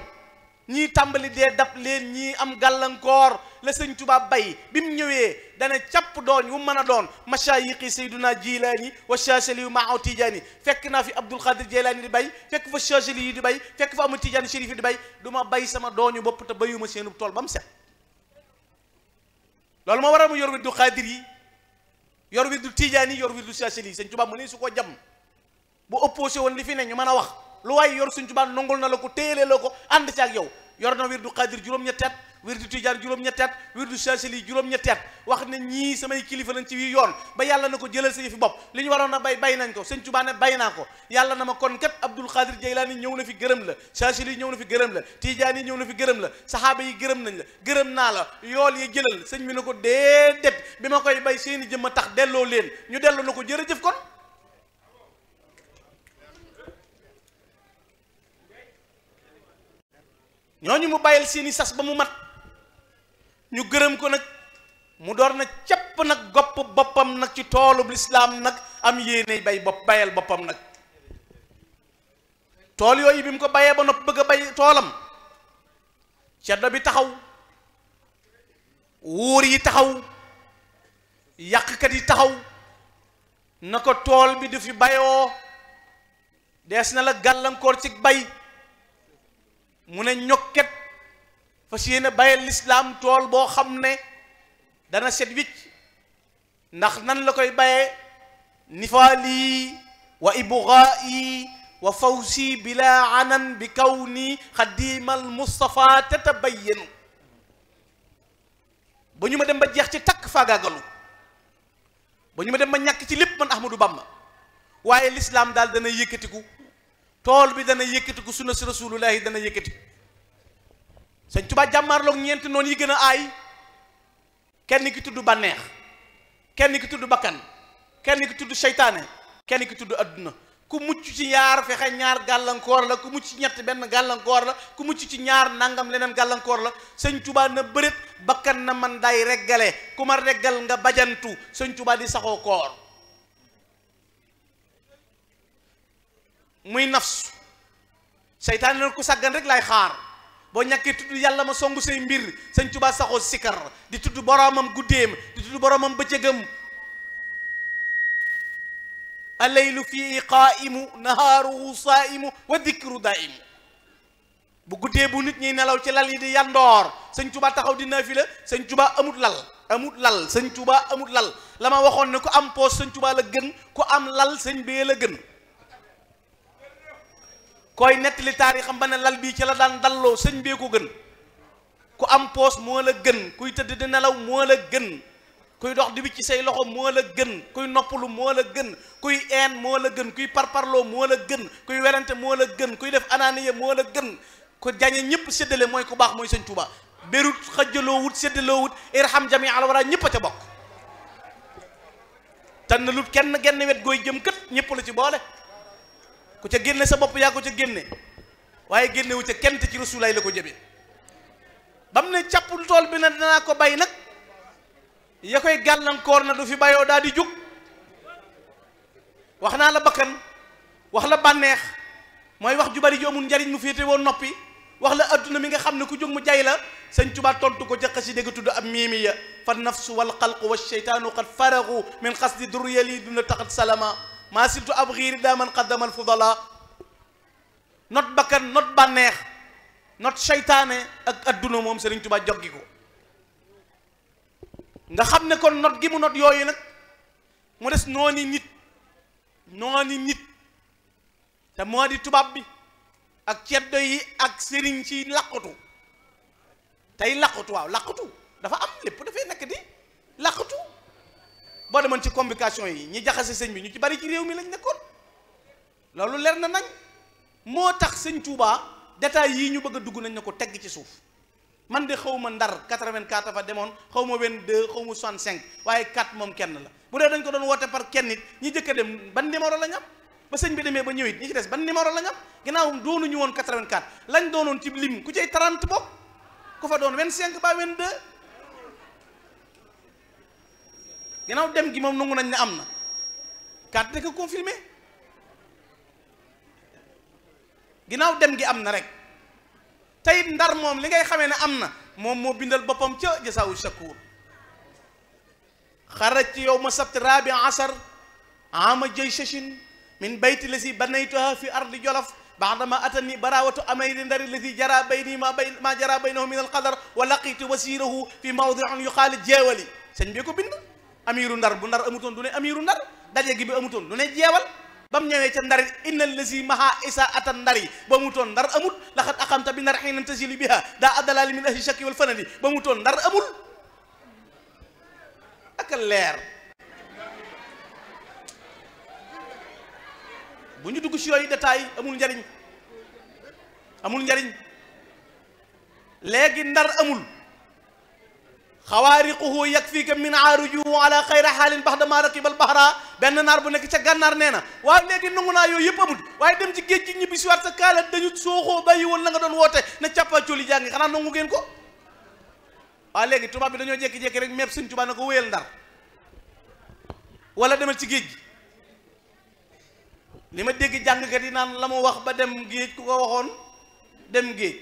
ñii tàmbali dee dab leen ñii am gàllankoor la sëñ tubaab bay bi mu ñëwee dana càpp dooñ wu mën a doon mashaayixi sayduna jilaani wa shaasali yu maaw tijaani fekk naa fi abdul xaadir jilaani di bay fekk fa shaasali yi di bay fekk fa ama tijaani shérif yi di bay du bay sama dooñu bopp te bayuma seenu tool ba mu set loolu moo waral mu yor wirdu xaadir yi yor wirdu tijaani yor wirdu shaasali yi sëñ Tuubaa mu su ko jam bu opposé woon li fi ne ñu mën a wax lu waaye yor suñ tubaa nongul na la ko téyelee la ko ànd ci ak yow yor na wirdu xaadir juróom-ñetti at wirdu tijaar juróom-ñetti at wirdu saasili juróom-ñetti at wax ne ñii samay kilifa lañ ci wi yoon ba yàlla na ko jëlal sa yëfi bopp li ñu waroon a bay bay nañ ko sëñ bay naa ko yàlla ma kon kat abdul xaadir jaylaani ñëw na fi gërëm la saasili ñëw na fi gërëm la tijaan yi ñëw na fi gërëm la saxaaba yi gërëm nañ la gërëm naa la yool yi jëlal sëñ bi ne ko déedéet bi ma koy bay seeni jëm a tax delloo leen ñu dellu na ko jërëjëf kon ñoo ñooñu mu bàyyil seeni sas ba mu mat ñu gërëm ko nag mu door na capp nag gopp boppam nag ci toolu toolub lislaam nag am yéene bay bopp bayal boppam nag tool yooyu bi mu ko bayee ba nopp bëgg a bay toolam ceddo bi taxaw wóor yi taxaw yàqkat yi taxaw na ko tool bi du fi bayoo des na la gàllankoor ci bay mu ne ñokket fas yéene bàyyi lislaam tool boo xam ne dana set wicc ndax nan la koy bàyyee nifaali wa ibghaa'i wa fawsi bila anan bi kawni xadiimal Mustafa tatabayyanu ba ñu ma dem ba jeex ci takk faagaagalu ba ñu ma dem ba ñàkk ci lépp man Ahmadou Bamba waaye lislaam daal dana yëkkatiku tool bi dana yëkkati ku sunna si rasulullahi dana yëkkati sëñ Tuubaa jàmmaarloog ñeenti noonu yi gën a aay kenn ki tudd bànneex kenn ki tudd bakkan kenn ki tudd seytaane kenn ki tudd adduna ku mucc ci yaar fexe ñaar gàllankoor la ku mucc ci ñett benn gàllankoor la ku mucc ci ñaar nangam leneen gàllankoor la sëñ Tuubaa na bërit bakkan na man day reggale ku ma reggal nga bajantu sëñ Tuubaa di saxoo koor muy nafsu seytaane na ku sàggan rek laay xaar boo ñàkkee tudd yàlla ma songu say mbir sëñ Tuubaa saxoo sikar di tudd boroomam guddeem di tudd boroomam bëccëgam alaylu fii qaaimu nahaaruhu saaimu wa dikru daaimu bu guddee bu nit ñi nelaw ci lal yi di yandoor sëñ Tuubaa taxaw di naafila sëñ Tuubaa amut lal amut lal sëñ Tuubaa amut lal la ma waxoon ne ku am poos sëñ Tuubaa la gën ku am lal sëñ bee la gën koy nettali taarixam ba ne lal bii ci la daan dalloo sëñ bee ko gën ku am poos moo la gën kuy tëdd di nelaw moo la gën kuy dox di bi ci say loxo moo la gën kuy noppalu moo la gën kuy een moo la gën kuy parparloo moo la gën kuy werante moo la gën kuy def anaaniya moo la gën ko jañe ñëpp séddale mooy ku baax mooy sëñ Tuubaa bérut xajjaloo wut séddaloo wut irham jami alwara ñëpp a ca bokk tànn lut kenn genn wet gooy jëm kët ñëpp la ci boole ku ca génne sa bopp yaa ko ca génne waaye génnewu ca kent ci rasulaay la ko jëme bam ne càppul tool bi na danaa ko bay nag ya koy gàllankoor na du fi bayoo daal di jóg wax naa la bakkan wax la bànneex mooy wax ju bari ju njariñ mu féete woon noppi wax la adduna mi nga xam ne ku jóg mu jay la sañ tubaat tontu ko ca xasida ga tudd ab miimiya fa nafsu wal xalqu wa sheytaanu qad faragu min xasdi durriya lii duna taxat salama maa siltu ab xiiri daa man qaddamal fudala not bakkan not bànneex not seytaane ak adduna moom Serigne Touba joggi ko nga xam ne kon not gi mu not yooyu nag mu des nooni nit nooni nit te moo di tubaab bi ak ceddo yi ak sëriñ ci laqatu tey laqatu waaw laqatu dafa am lépp dafay nekk di laqatu boo demoon ci complication yi ñi jaxase sëñ bi ñu ci bari ci réew mi lañ nekkoon loolu leer na nañ moo tax sëñ Touba détails yii ñu bëgg dugg nañ ne ko tegg ci suuf man de xaw ma ndar 84 fa demoon xaw ma 22 xaw ma 65 waaye 4 moom kenn la bu dee dañ ko doon woote par kenn it ñi jëkk dem ban numéro la ñu am ba sëñ bi demee ba ñëwit ñi ci des ban numéro la ñu am ginnaaw doonuñu woon 84 lañ doonoon ci lim ku cay 30 bokk ku fa doon gannaaw dem gi moom nangu nañ ne am na carte d'identité confirmé ginnaaw dem gi am na rek teyit ndar moom li ngay xamee ne am na moom moo bindal boppam ca jasaawu shakuur xaraj ci yow ma sabt rabi asar ama jëy sachin min bayti lasi banaytuha fi ardi jolof baadama atani barawatu amayri ndari lasi jara bayni ma bay ma jara baynahu min alqadar wa laqitu wasirahu fi mawdiin yuqaali jeewali sëñ bi ko bind amiru ndar bu ndar amutoon du ne amiru ndar daje gi bi amutoon du ne jeewal ba mu ca ndar inna allazi maha isa atan ndar yi ba mu toon ndar amul laxat axamta bi ndar xiinan tasili biha daa addalaali min ahli shakki wal fanadi ba mu toon ndar amul ak leer bu ñu dugg ci yooyu détail amul njariñ amul njariñ léegi ndar amul xawaariquhu yakfika min aarujuhu ala xayra xaalin bax dama rakibal baxra benn naar bu nekk ca gànnaar nee na waaw léegi nangu naa yooyu yëpp amul waaye dem ci géej gi ñibbi si waat sa kaala dañu sooxoo woon la nga doon woote na càppaa coli jàngi xanaa nangu ngeen ko waaw léegi tubaab bi dañoo jékki-jékki rek mépp suñ tubaab na ko wéyal ndar wala demal ci géej gi li ma dégg jàngkat yi naan la mu wax ba dem géej ku ko waxoon dem géej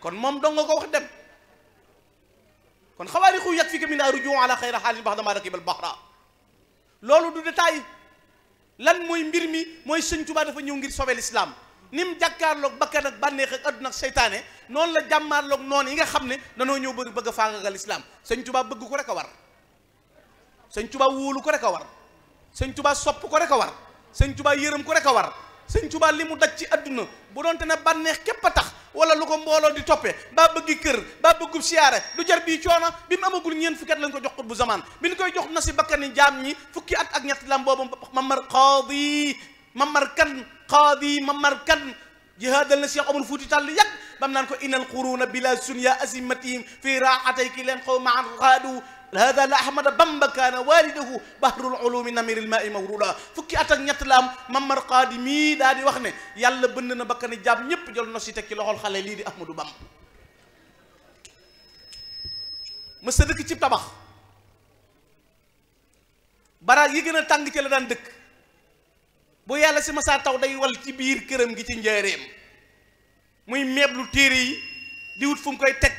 kon moom dong nga ko wax dem kon xawaarixu yag fi ka min arujuu ala xayra xaalin bax dama rakibal baxra loolu du détail lan mooy mbir mi mooy sëñ Tuubaa dafa ñëw ngir sobe lislaam ni mu jàkkaarloog bakkan ak bànneex ak àdduna ak seytaane noonu la jàmmaarloog noon yi nga xam ne danoo ñëw bari bëgg a faagagal lislaam sëñ Tuubaa bëgg ko rek a war sëñ Tuubaa wóolu ko rek a war sëñ Tuubaa sopp ko rek a war sëñ Tuubaa yërëm ko rek a war sëñ Tuubaa li mu daj ci àdduna bu doonte ne bànneex képp a tax wala lu ko mbooloo di toppee baa bëggi kër baa bëggub siyaare du jar bii coono bi mu amagul ñeent fukki at lañ ko jox xut bu zamaan bi ñu koy jox na si bakkani jaam ñi fukki at ak ñett lam boobu mamar qaadi mamar kan qaadi mamar kan jihaadal na Cheikh Omar Fuuti Tall yàgg bam naan ko inal quruuna bila sunya asimatihim fii raaxatay ki leen xaw maan xaadu hada la ahmada bamba kaana walidahu bahrul ulumi namiril maai mawruda fukki at ak la am mamar qaadi mii daa di wax ne yàlla bënd na bakkani jaam ñépp jël nos yi teg ci loxol xale lii di ahmadou bamba mës sa dëkk ci tabax baraag yi gën a tàng ci la daan dëkk bu yàlla si masaa taw day wal ci biir këram gi ci njaareem muy meeblu téere yi di wut fu mu koy teg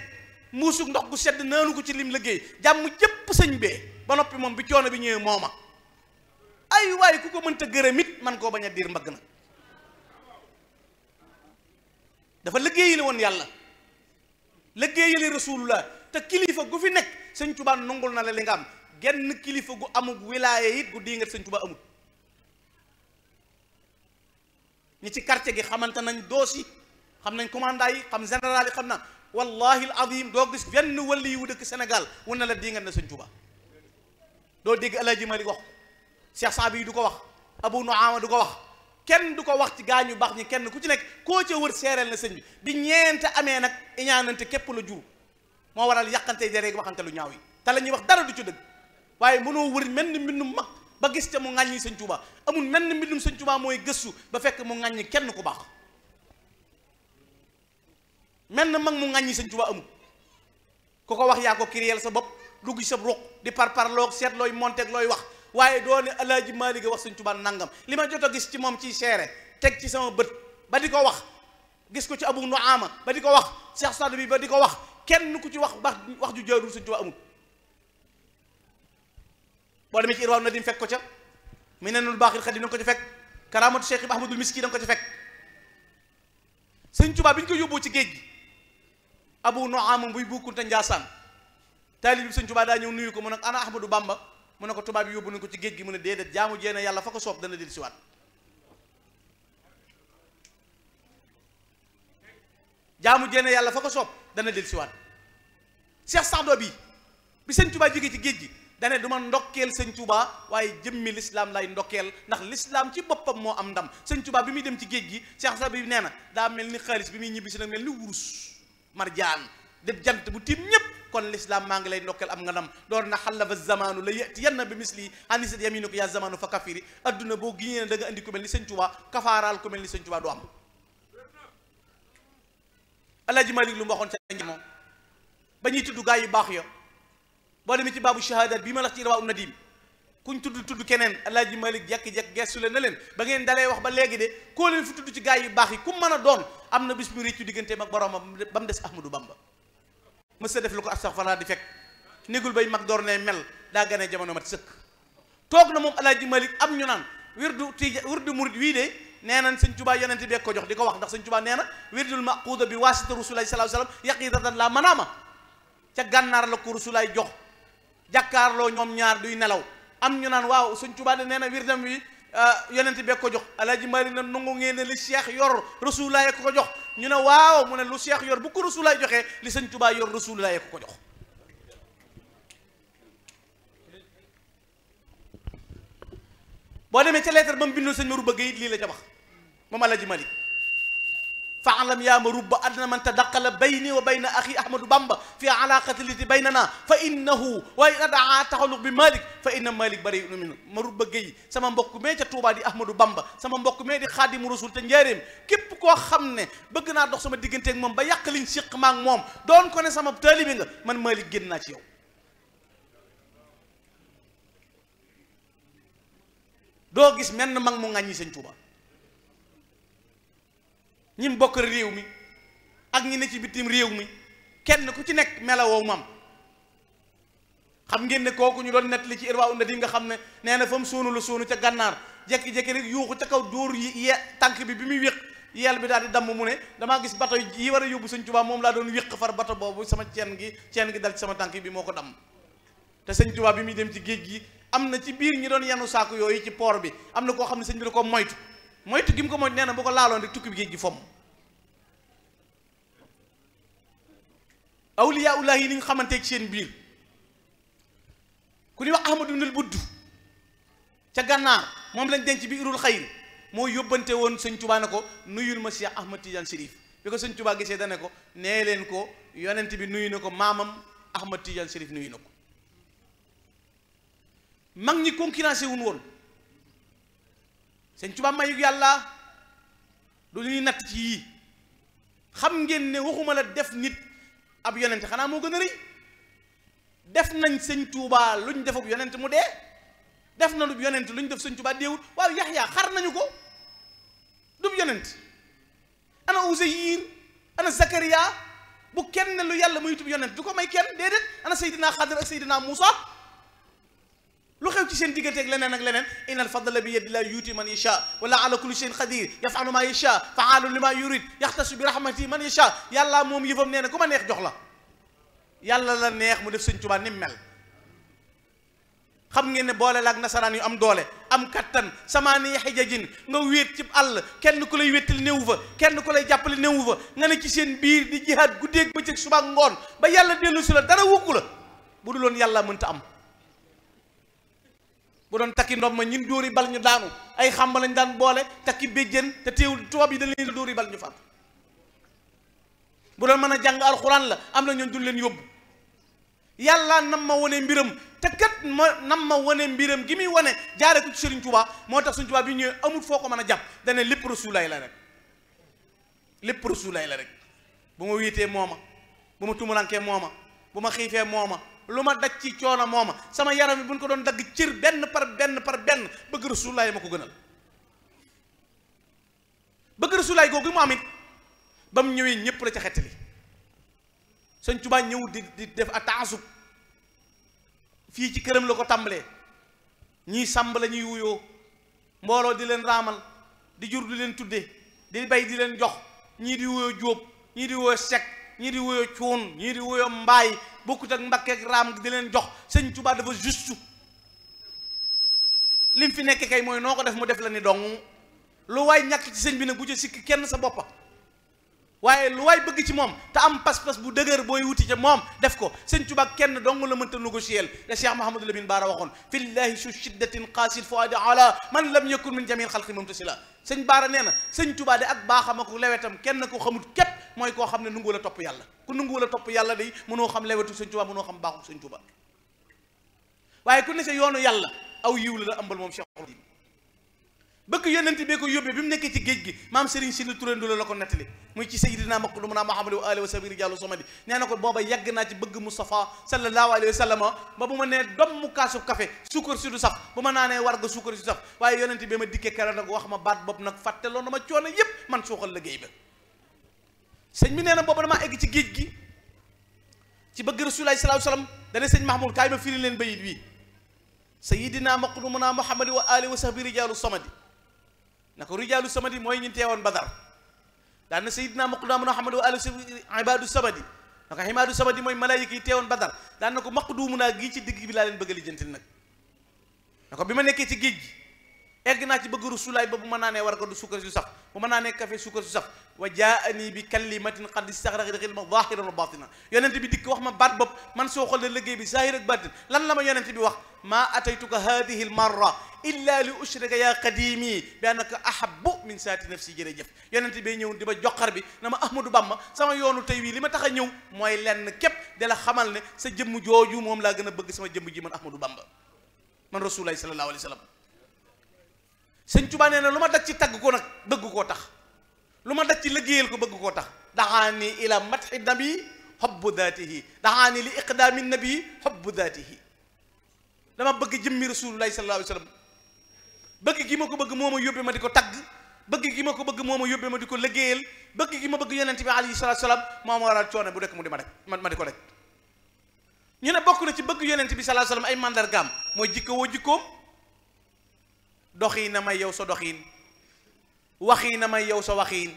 muusug ndox gu sedd naanu ko ci lim liggéey jàmm jëpp sëñ bee ba noppi moom bi coono bi ñëwee mooma ay waaye ku ko mënta gërëm it man koo bañ a diir mbagg na dafa liggéeyal woon yàlla liggéeyal rasulullah te kilifa gu fi nekk sëñ Tuubaa nungul na la li nga am genn kilifa gu amug wilaaya it gu dingat sëñ Tuubaa amul ñi ci quartier gi xamante nañ doosi xam nañ commandant yi xam général yi xam naa wallahi alazim doo gis benn wali yu dëkk Sénégal wan na la di nga ne sëñ Tuuba doo dégg El Hadj Malick wax ko Cheikh Saabi yi du ko wax Abu Nuama du ko wax kenn du ko wax ci gaañu baax ñi kenn ku ci nekk koo ci wër seereel na sëñ bi bi ñeente amee nag iñaanante képp la jur moo waral yàqante jareeg waxante lu ñaaw yi te la ñuy wax dara du ci dëgg waaye mënoo wër menn mbindum mag ba gis te mu ŋàññi sëñ Tuuba amul menn mbindum sëñ Tuuba mooy gëstu ba fekk mu ŋàññi kenn ku baax mel na mag mu ŋàññi sëñ Tuubaa amul ku ko wax yaa ko kiriyeel sa bopp dugg ci sa ruq di parparloog seet looy monteeg looy wax waaye doo ne alaaji Maalik wax sëñ Tuubaa nangam li ma jot a gis ci moom ci seere teg ci sama bët ba di ko wax gis ko ci Abu Nuama ba di ko wax Cheikh Saadu bi ba di ko wax kenn ku ci wax wax wax ju jaarul sëñ Tuubaa amul boo demee ci irwaaw na dim fekk ko ca mu ne nu baaxil xadim da nga ko ci fekk karaamatu Cheikh Ahmadul Miski da ko ci fekk sëñ Tuubaa bi ñu ko yóbboo ci géej gi abu noama buy bukkunte njaasaan taalib bi sëñ tubaa daa ñëw nuyu ko mu ne ana ahmadou bamba mu a ko tubaab yi yóbbu nañ ko ci géej gi mu ne déedéet jaamu jeena yàlla fa ko soob dana del siwaat jaamu jeena yàlla fa ko soob dana del siwaat seex saxdoo bi bi sëñ tubaa jógee ci géej gi dana du ma ndokkeel sëñ tubaa waaye jëmmi lislaam lay ndokkeel ndax lislaam ci boppam moo am ndam sëñ tubaa bi muy dem ci géej gi seex saxdoo bi nee na daa mel ni xaalis bi muy ñibbisi nag mel ni wurus marjaan def jant bu tiim ñépp kon l'islam maa ngi lay ndokkeel am nga nam door na xallaba zamanu la yati yanna bi misli anisat yaminu ko yaa zamanu fa kafiri adduna boo giñee ne da nga andi ku mel ni sëñ Tuubaa kafaaraal ku mel ni sëñ Tuubaa du am alaaji Malik lu mu waxoon ca ngi ba ñuy tudd gaa yi baax ya boo demee ci baabu shahadat bi ma la ci rawaa na nadim ku kuñ tudd tudd keneen alaaji malik jekki-jekki gestu leen na leen ba ngeen dalee wax ba léegi de koo leen fi tudd ci gaa yu baax yi ku mën a doon am na bis mu réccu digganteem ak boromam ba mu des ahmadou bamba mësta def lu ko astaghfirullah di fekk négul bay mag door ne mel daa gane jamono mat sëkk toog na moom alaaji malik am ñu naan wirdu tija wirdu murid wii de nee nañ sëñ tubaa yonente beeg ko jox di ko wax ndax sëñ tubaa nee na wirdul maquuda bi waasita rasulaay salaa sallam yaqidatan la manaama ca gànnaar la ko rasulaay jox jàkkaarloo ñoom ñaar duy nelaw am ñu naan waaw suñ Tuubaa de nee na wirdam wi ah, yonent bi ko jox alaaji mari na nungu ngeen ne li cheikh yor rasulullah ko ko jox ñu ne waaw mu ne lu cheikh yor bu ko rasulullah joxee li sëñ Tuubaa yor rasulullah ko ko jox boo demee ca lettre ba mu bindul sëñ Maru Bëgg it lii la ca moom alaaji mari faalam yaa ma rubba adna man tadaqala bayni wa bayna axi ahmadou bamba fi alaqati liti baynana fa innahu wa in adaa taxaluq bi malik fa inna malik bari minu ma rubba sama mbokk mee ca tuubaa di ahmadou bamba sama mbokk mee di xaadimu te njaareem képp koo xam ne bëgg naa dox sama diggante moom ba yàq liñ siq maak moom doon ko sama taalibi man malik génn naa ci yow doo gis menn mag mu ñim bokk réew mi ak ñi ne ci bitim réew mi kenn ku ci nekk melawoo mam xam ngeen ne kooku ñu doon nettali ci irwaa unda di nga xam ne nee na fa mu la suunu ca gànnaar jekki-jekki rek yuuxu ca kaw dóor yi tànk bi bi muy wéq yeel bi daal di damm mu ne damaa gis bato yi war a yóbbu sëñ Tuubaa moom laa doon wéq far bata boobu sama ceen gi ceen gi dal ci sama tànk bi moo ko damm te sëñ Tuubaa bi muy dem ci géej gi am na ci biir ñi doon yanu saako yooyu ci port bi am na koo xam ne sëñ bi da ko moytu mooy moytu gim ko moytu nee na bu ko laaloon rek tukki bi géej gi fomm awliyaa ullah yi ni nga xamante ci seen biir ku ñuy wax ahmadu ibnul budd ca gànnaar moom lañ denc bi irul xayr moo yóbbante woon sëñ tubaa ne ko nuyul ma Cheikh Ahmad Tidiane Chérif bi ko sëñ tubaa gisee dane ko nee leen ko yonant bi nuyu na ko maamam Ahmad Tidiane Chérif nuyu na ko mag ñi concurrencé wuñ woon sëñ Tuubaa mayug yàlla du ñuy natt ci yii xam ngeen ne waxuma la def nit ab yonent xanaa moo gën a rëy def nañ sëñ Tuubaa luñ def ak yonent mu dee def na lu yonent luñ def sëñ Tuubaa deewut waaw Yaxya xar nañu ko dub yonent ana Useyr ana Zakariya bu kenn lu yàlla muy tub yonent du ko may kenn déedéet ana Seydina Xadir ak Seydina Muusa lu xew ci seen digganteeg leneen ak leneen inna alfadla bi yadi laa yuuti man yasha wala ala kulli cheyin qadir yafalu ma yasha faalu li ma yurid yaxtasu bi rahmati man yasha yàlla moom yëfam nee na ku ma neex jox la yàlla la neex mu def sëñ Tuubaa ni mel xam ngeen ne boole la ak nasaraan yu am doole am kattan samaani xijajin nga wéet ci àll kenn ku lay wéttali néewu fa kenn ku lay jàppale néewu fa nga ne ci seen biir di jihaad guddeeg bëccëg suba ak ngoon ba yàlla dellu si dara wukku la bu dul woon yàlla mënta am bu doon takki ndoom ma ñin dóori bal ñu daanu ay xàmba lañ daan boole takki béjjén te teewul tubaab yi dañ leen di dóori bal ñu faatu bu doon mën a jàng alxuraan la am na ñoon dul leen yóbbu yàlla nam ma wane mbiram te kat ma nam ma wane mbiram gi muy wane jaare ko ci Serigne Touba moo tax Serigne Touba bi ñëwee amul foo ko mën a jàpp dane lépp lay la rek lépp lay la rek bu ma wéetee mooma bu ma tumurankee mooma bu ma xiifee mooma lu ma daj ci coono mooma sama yaram bi bu ñu ko doon dagg cër benn par benn par benn bëgg rasulaay ma ko gënal bëgg rasulaay googu mu am it ba mu ñëwee ñëpp la ca xettali sëñ Tuubaa ñëw di di def ataasub fii ci këram la ko tàmbalee ñii sàmb la ñuy wuyoo mbooloo di leen raamal di jur di leen tudde di bay di leen jox ñii di wuyoo jóob ñii di wuyoo sekk ñii di wuyoo cuun ñii di wuyoo mbaay bokkut ak mbakke ak raam di leen jox sëñ Tuubaa dafa juste lim fi nekk kay mooy noo ko def mu def la ni dong lu waaye ñàkk ci sëñ bi nag bu ca sikk kenn sa boppa waaye lu waay bëgg ci moom te am pas-pas bu dëgër booy wuti ca moom def ko sëñ Tuubaa kenn dong la mënta négocier da Cheikh Mahamadou Lamine Baara waxoon fi llahi su shiddatin qaasil fuadi ala man lam yakun min jamil xalqi mumtasila sëñ Baara nee na sëñ de ak baaxam ak lewetam kenn ko xamut képp mooy koo xam ne nungu topp yàlla ku nungu la topp yàlla day mënoo xam lewetu sëñ Tuubaa mënoo xam baaxu sëñ Tuubaa waaye ku ne sa yàlla aw yiw la la ëmbal moom Cheikh bëgg yonent bee ko yóbbee bi mu nekkee ci géej gi maam Serigne Sidi Touré Ndoulo la ko nettali muy ci sayyidina maqdumuna Muhammad wa alihi wa sahbihi rijaalu samadi nee na ko booba yàgg naa ci bëgg Mustafa sallallahu alayhi wa sallam ba bu ma nee domm kaasu café suukar si du saf bu ma naanee war nga suukar si du saf waaye yonent bi ma dikkee keroog nag wax ma baat bopp nag fàtte loon na ma coono yépp man suuxal liggéey ba sëñ bi nee na booba damaa egg ci géej gi ci bëgg rasulullahi sallallahu alayhi wa sallam dane sëñ Mahmoud kaay ma firi leen bayit wi sayyidina maqdumuna Muhammad wa alihi wa sahbihi rijaalu samadi na ko rijaalu samadi mooy ñu teewoon badar daan na sayidina maqdudaa muhammad wa alu ibaadu samadi na ko ibaadu samadi mooy malaayika yi teewoon badar daan na ko maqduumu naa gii ci digg bi laa leen bëgg a lijjantil nag na ko bi ma nekkee ci géej gi egg naa ci bëgg rusulaay ba bu ma naanee war ko du sukkar su saf bu ma naanee café sukkar su saf wa jaani bi kalimatin qad istaxraxil ma zahiran wa batina yonent bi dikk wax ma baat bopp man soo xool liggéey bi zahir ak batin lan la ma yonent bi wax ma ataytuka hadihi lmarra illa li ushrika ya qadimi bi annaka ahabu min saati nafsi jërëjëf yonent bi ñëw di ma joxar bi na ma ahmadou bamba sama yoonu tey wii li ma tax a ñëw mooy lenn képp di la xamal ne sa jëmm jooju moom laa gën a bëgg sama jëmm ji man ahmadou bamba man rasulullahi sallallahu alayhi wa sallam sëñ Tuubaa na lu ma daj ci tagg ko nag bëgg koo tax lu ma daj ci liggéeyal ko bëgg koo tax daxaani ila matxi nabi xobbu daatihi daxaani li iqdaami nabi xobbu daatihi dama bëgg jëmmi rasulullahi sallallahu alayhi wa sallam bëgg gi ma ko bëgg moo ma yóbbe ma di ko tagg bëgg gi ma ko bëgg moo ma yóbbe ma di ko liggéeyal bëgg gi ma bëgg yonent bi alayhi salaatu salaam moo ma waral coono bu dekk mu di ma rek ma di ko rek ñu ne bokk na ci bëgg yonent bi salaatu salaam ay mandargaam mooy jikko woo jikkoom doxii na may yow sa doxiin waxii na may yow sa waxiin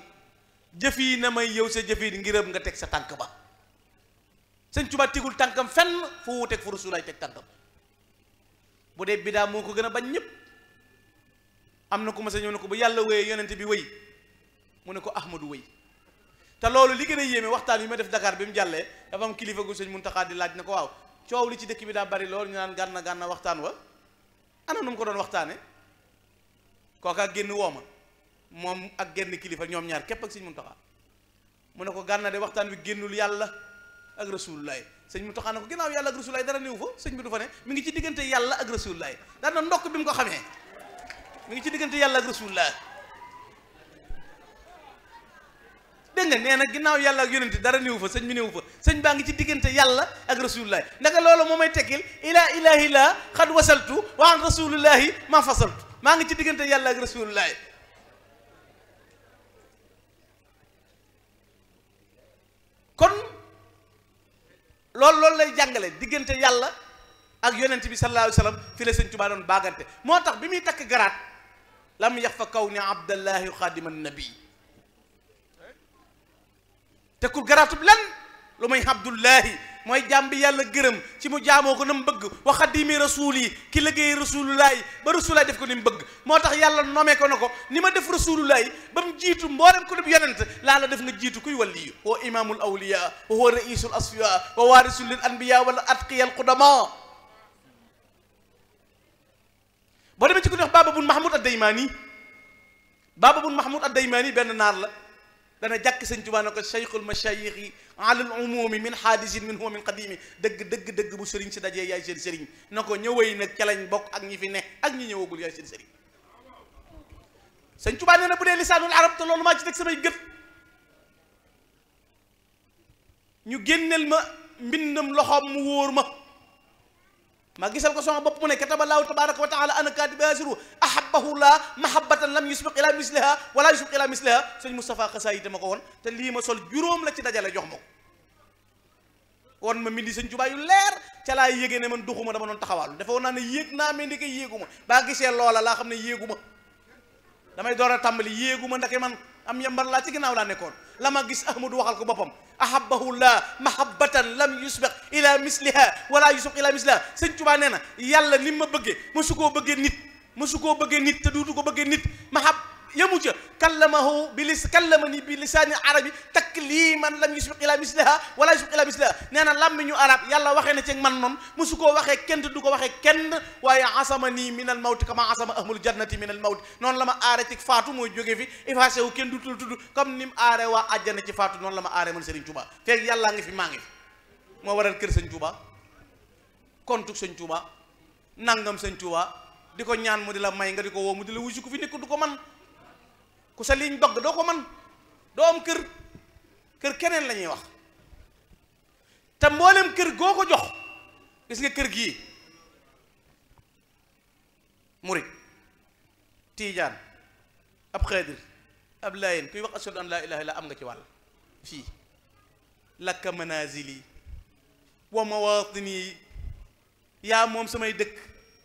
jëfii na may yow sa ngir ngirëm nga teg sa tànk ba sëñ Tuubaa tànkam fenn fu wuteeg fu Rasuul ay teg tànkam bu dee biddaa moo ko gën a bañ ñëpp am na ku ma sa ñëw ne ko bu yàlla wéyee yonent bi wéy mu ne ko Ahmadu wéy te loolu li gën a yéeme waxtaan yi ma def dakaar bi mu jàllee dafa am kilifa gu mun Muntaxa di laaj na ko waaw coow li ci dëkk bi daa bari loolu ñu naan gànna gànna waxtaan wa ana nu ko doon waxtaane kooka génn wooma moom ak genn kilifa ñoom ñaar képp ak sëñ Muntaxa mu ne ko gànna de waxtaan wi génnul yàlla ak rasulullaay sëñ mu ne ko ginnaaw yàlla ak rasulullaay dara néew sëñ bi du mi ngi ci diggante yàlla ak rasulullaay daan na ndokk bi mu ko xamee mi ngi ci diggante yàlla ak rasulullaay dégg nga nee ginnaaw yàlla ak yonente dara néew fa sëñ bi néew fa sëñ baa ngi ci diggante yàlla ak rasulullaay ndaga loolu moo may tekkil ilaa ilahi la xad wasaltu wa an rasulullahi ma fasaltu maa ngi ci diggante yàlla ak rasulullah kon loolu loolu lay jàngale diggante yàlla ak yonent bi sallallahu alayhi fi la sëñ Tuubaa doon baagante moo tax bi muy takk garaat lam yax fa kaw ni abdallahi xaadima nabi te ku garaatub lan lu may abdullahi mooy jaam bi yàlla gërëm ci mu jaamoo ko na mu bëgg wa xadimi rasuul yi ki liggéey rasulullaay ba rasulullaay def ko ni bëgg moo tax yàlla nomee ko na ko ni ma def rasulullaay ba mu jiitu mboolem ko def yonent laa la def nga jiitu kuy waliyu wa imaamul awliya wa huwa raisul asfiya wa waarisul lil anbiya wala atqiyal qudama boo demee ci ku ñuy wax Baaba bun Mahmoud ad-Daymaani Baaba bun Mahmoud ad-Daymaani benn naar la dana jàkk sëñ Tuubaa na ko cheikhul alal umumi min haadisin min huwa min qadimi dëgg dëgg dëgg bu sëriñ si dajee yaay seen sëriñ na ko ñëway nag ca lañ bokk ak ñi fi ne ak ñi ñëwagul yaay seen sëriñ sëñ Tuubaa nee na bu dee lisaanul arab te loolu maa ci teg samay gët ñu génneel ma mbindam loxoom mu wóor ma ma gisal ko sama bopp mu ne kataballahu tabaraka wa taala ana katibi asiru ahabahullah mahabbatan lam yusbiq ila misliha wala yusbiq ila misliha sëñ Moustapha xasaay dama ko woon te lii ma sol juróom la ci dajale jox ma ko won ma mindi sëñ Tuubaa yu leer ca laa yéegee ne man duxuma dama doon taxawaalu dafa woon naa ne yéeg naa mais ndeke yéeguma baa gisee loola laa xam ne yéeguma damay door a tàmbali yéeguma ndake man am yambar laa ci ginnaaw laa nekkoon la ma gis Ahmadu waxal ko boppam ahabahu llah mahabatan lam yusbiq ila misliha wala yusbiq ila misliha sëñ Tuubaa nee na yàlla ni ma bëggee mësu koo bëggee nit mësu koo bëggee nit te duutu ko bëggee nit mahab yëmu ca kallamahu bi lis kallamani bi lisaani arabi takliman lam yusbiq ila mislaha wala yusbiq ila mislaha nee na làmmiñu arab yàlla waxee na ceeg man noonu su koo waxee kenn du ko waxee kenn waaye asama nii min al mawti kama asama ahlul jannati min al mawti noonu la ma aare ci faatu mooy jóge fi wu kenn du tudd tudd comme ni mu aare waa àjjana ci faatu noonu la ma aare man Serigne Touba feeg yàllaa ngi fi maa ngi fi moo waral kër sañ Touba kontug sëñ Touba nangam sëñ Touba di ko ñaan mu di la may nga di ko woo mu di la wusu ku fi nekk du ko man ku sa liñ dogg doo ko man doo am kër kër keneen la ñuy wax te mboolem kër goo ko jox gis nga kër gii murit tiijaan ab xaadir ab laayin kuy wax ashadu an laa ilaha am nga ci wàll fii lakka manazili wa mawatini yaa moom samay dëkk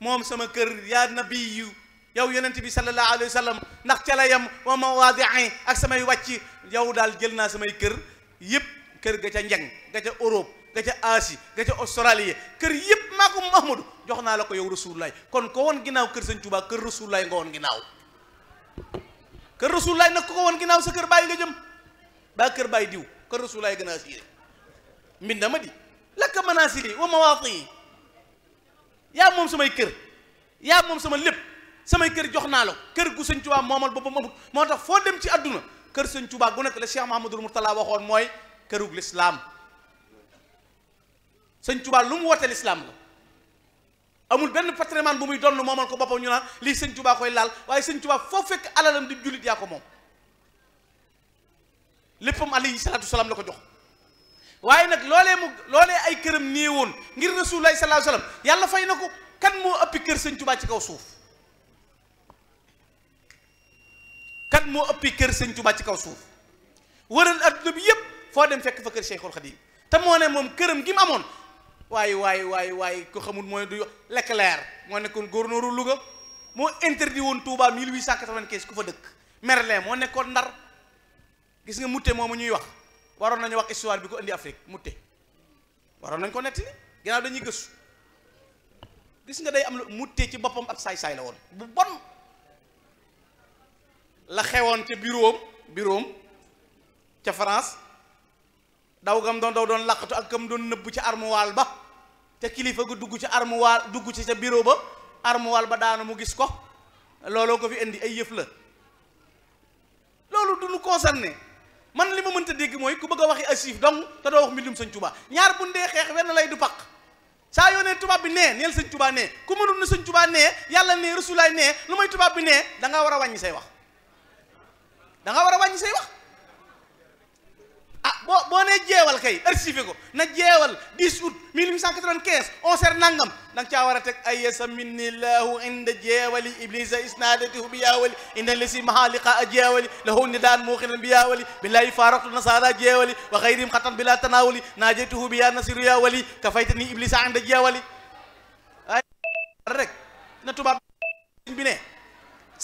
moom sama kër yaa nabiyu yow yonent bi sallallahu alayhi wa sallam ndax ca la yem wa mawaadiin ak samay wàcc yow daal jël naa samay kër yëpp kër ga ca njeng ga ca Europe ga ca Asie ga ca Australie kër yëpp maa ko Mahmoud jox naa la ko yow Rasulullah kon ko woon kër Sëñ Tuubaa kër Rasulullah nga woon ginnaaw kër Rasulullah nag ko woon ginnaaw sa kër bàyyi nga jëm baa kër bàyyi diw kër Rasulullah gën a assuré mbind ma di lakka manaasiri wa mawaati yaa moom samay kër ya moom sama lépp samay kër jox naa la kër gu sëñ Tuubaa moomal boppam amut moo tax foo dem ci àdduna kër sañ Tuubaa bu nekk la Cheikh Mahamadul Murtala waxoon mooy kërug lislaam sëñ Tuubaa lu mu woote lislaam la amul benn patrimoine bu muy donn moomal ko boppam ñu naan lii sëñ Tuubaa koy laal waaye sëñ Tuubaa foo fekk alalam di jullit yaa ko moom léppam alayhi salaatu salaam la ko jox waaye nag loolee mu loolee ay këram néewoon ngir rasuulullaahi sallallaahu alayhi yàlla fay na ko kan moo ëppi kër sëñ Tuubaa ci kaw suuf kan moo ëppi kër sëñ Tuubaa ci kaw suuf wëral adduna bi yépp foo dem fekk fa kër Cheikhul Khadim te moo ne moom këram gi mu amoon waaye waaye waaye waaye ko xamul mooy du Leclerc moo nekkoon nooru Louga moo interdit woon Touba 1895 ku fa dëkk Merlin moo nekkoon Ndar gis nga moom moomu ñuy wax waroon nañu wax histoire bi ko indi Afrique Moutte waroon nañ ko nettali gannaaw dañuy gëstu gis nga day am la Moutte ci boppam ak saay-saay la woon bu bon la xewoon ca bureau bureau ca France daw gam doon daw doon laqatu ak kam doon nëbb ci armuwaal ba te kilifa gu dugg ci armuwaal dugg ci sa bureau ba armuwaal ba daanu mu gis ko looloo ko fi indi ay yëf la loolu du nu concerné man li ma mënta dégg mooy ku bëgg a waxi asif dong te doo wax mbindum sëñ tubaa ñaar bu ndee xeex wenn lay du paq saa yoonee tubaab bi nee neel sëñ Tuubaa nee ku mënul na sëñ Tuubaa nee yàlla nee rasulaay nee lu may tubaab bi nee da ngaa war a wàññi say wax da nga war a wàññi say wax ah boo boo nee jeewal kay archivé ko na jeewal 10 août 1895 onze heures nangam da nga caa war a teg ay yesa minni laahu inda jeewali iblisa isnadatihu bi yaawali inda lesi maha liqaa jeewali lahu nidaan muuxinan bi yaawali billahi faaraqtu nasaara jeewali wa xayrim xatan bila tanawuli naajeytuhu bi yaa nasiru yaawali kafaytani iblisa inda jeewali ay rek na tubaab bi ne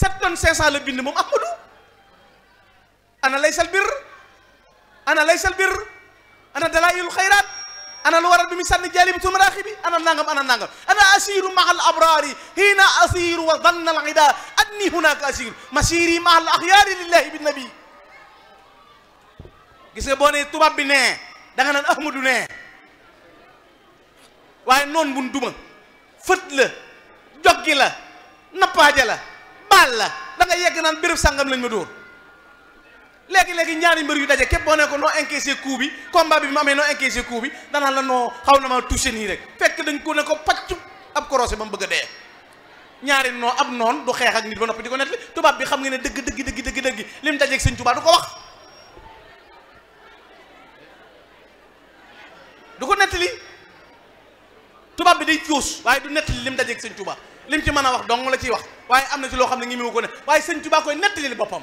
sept tonnes cinq cent ana laysal bir ana laysal bir ana dalailul xayraat ana lu waral bi mu sànni jaalibatul maraaxibi ana nangam ana nangam ana asiru maa al abraari hiina asiru wa danna al ida anni hunaka asiru masiri maa al axyaari lillahi bi nabi gis nga boo ne tubaab bi nee da nga naan ahmadu nee waaye noonu bun duma fët la joggi la nappaaja la baal la da nga yegg naan béréb sàngam lañ ma dóor léegi-léegi ñaari mbër yu daje képp boo ne ko noo encaissé coup bi komba bi bi mu amee noo encaissé coup bi danaa la noo xaw na ma touché nii rek fekk dañ ko ne ko paccu ab korosé ba mu bëgg a dee ñaari noo ab noon du xeex ak nit ba noppi di ko nettali tubaab bi xam nga ne dëgg dëgg dëgg dëgg dëgg li mu dajeeg sëñ Tuubaa du ko wax ko nettali tubaab bi day cuus waaye du nettali li mu dajeeg sëñ Tuubaa li ci mën a wax dong la ci wax waaye am na ci loo xam ne ngi mu ko ne waaye sëñ Tuubaa koy nettali li boppam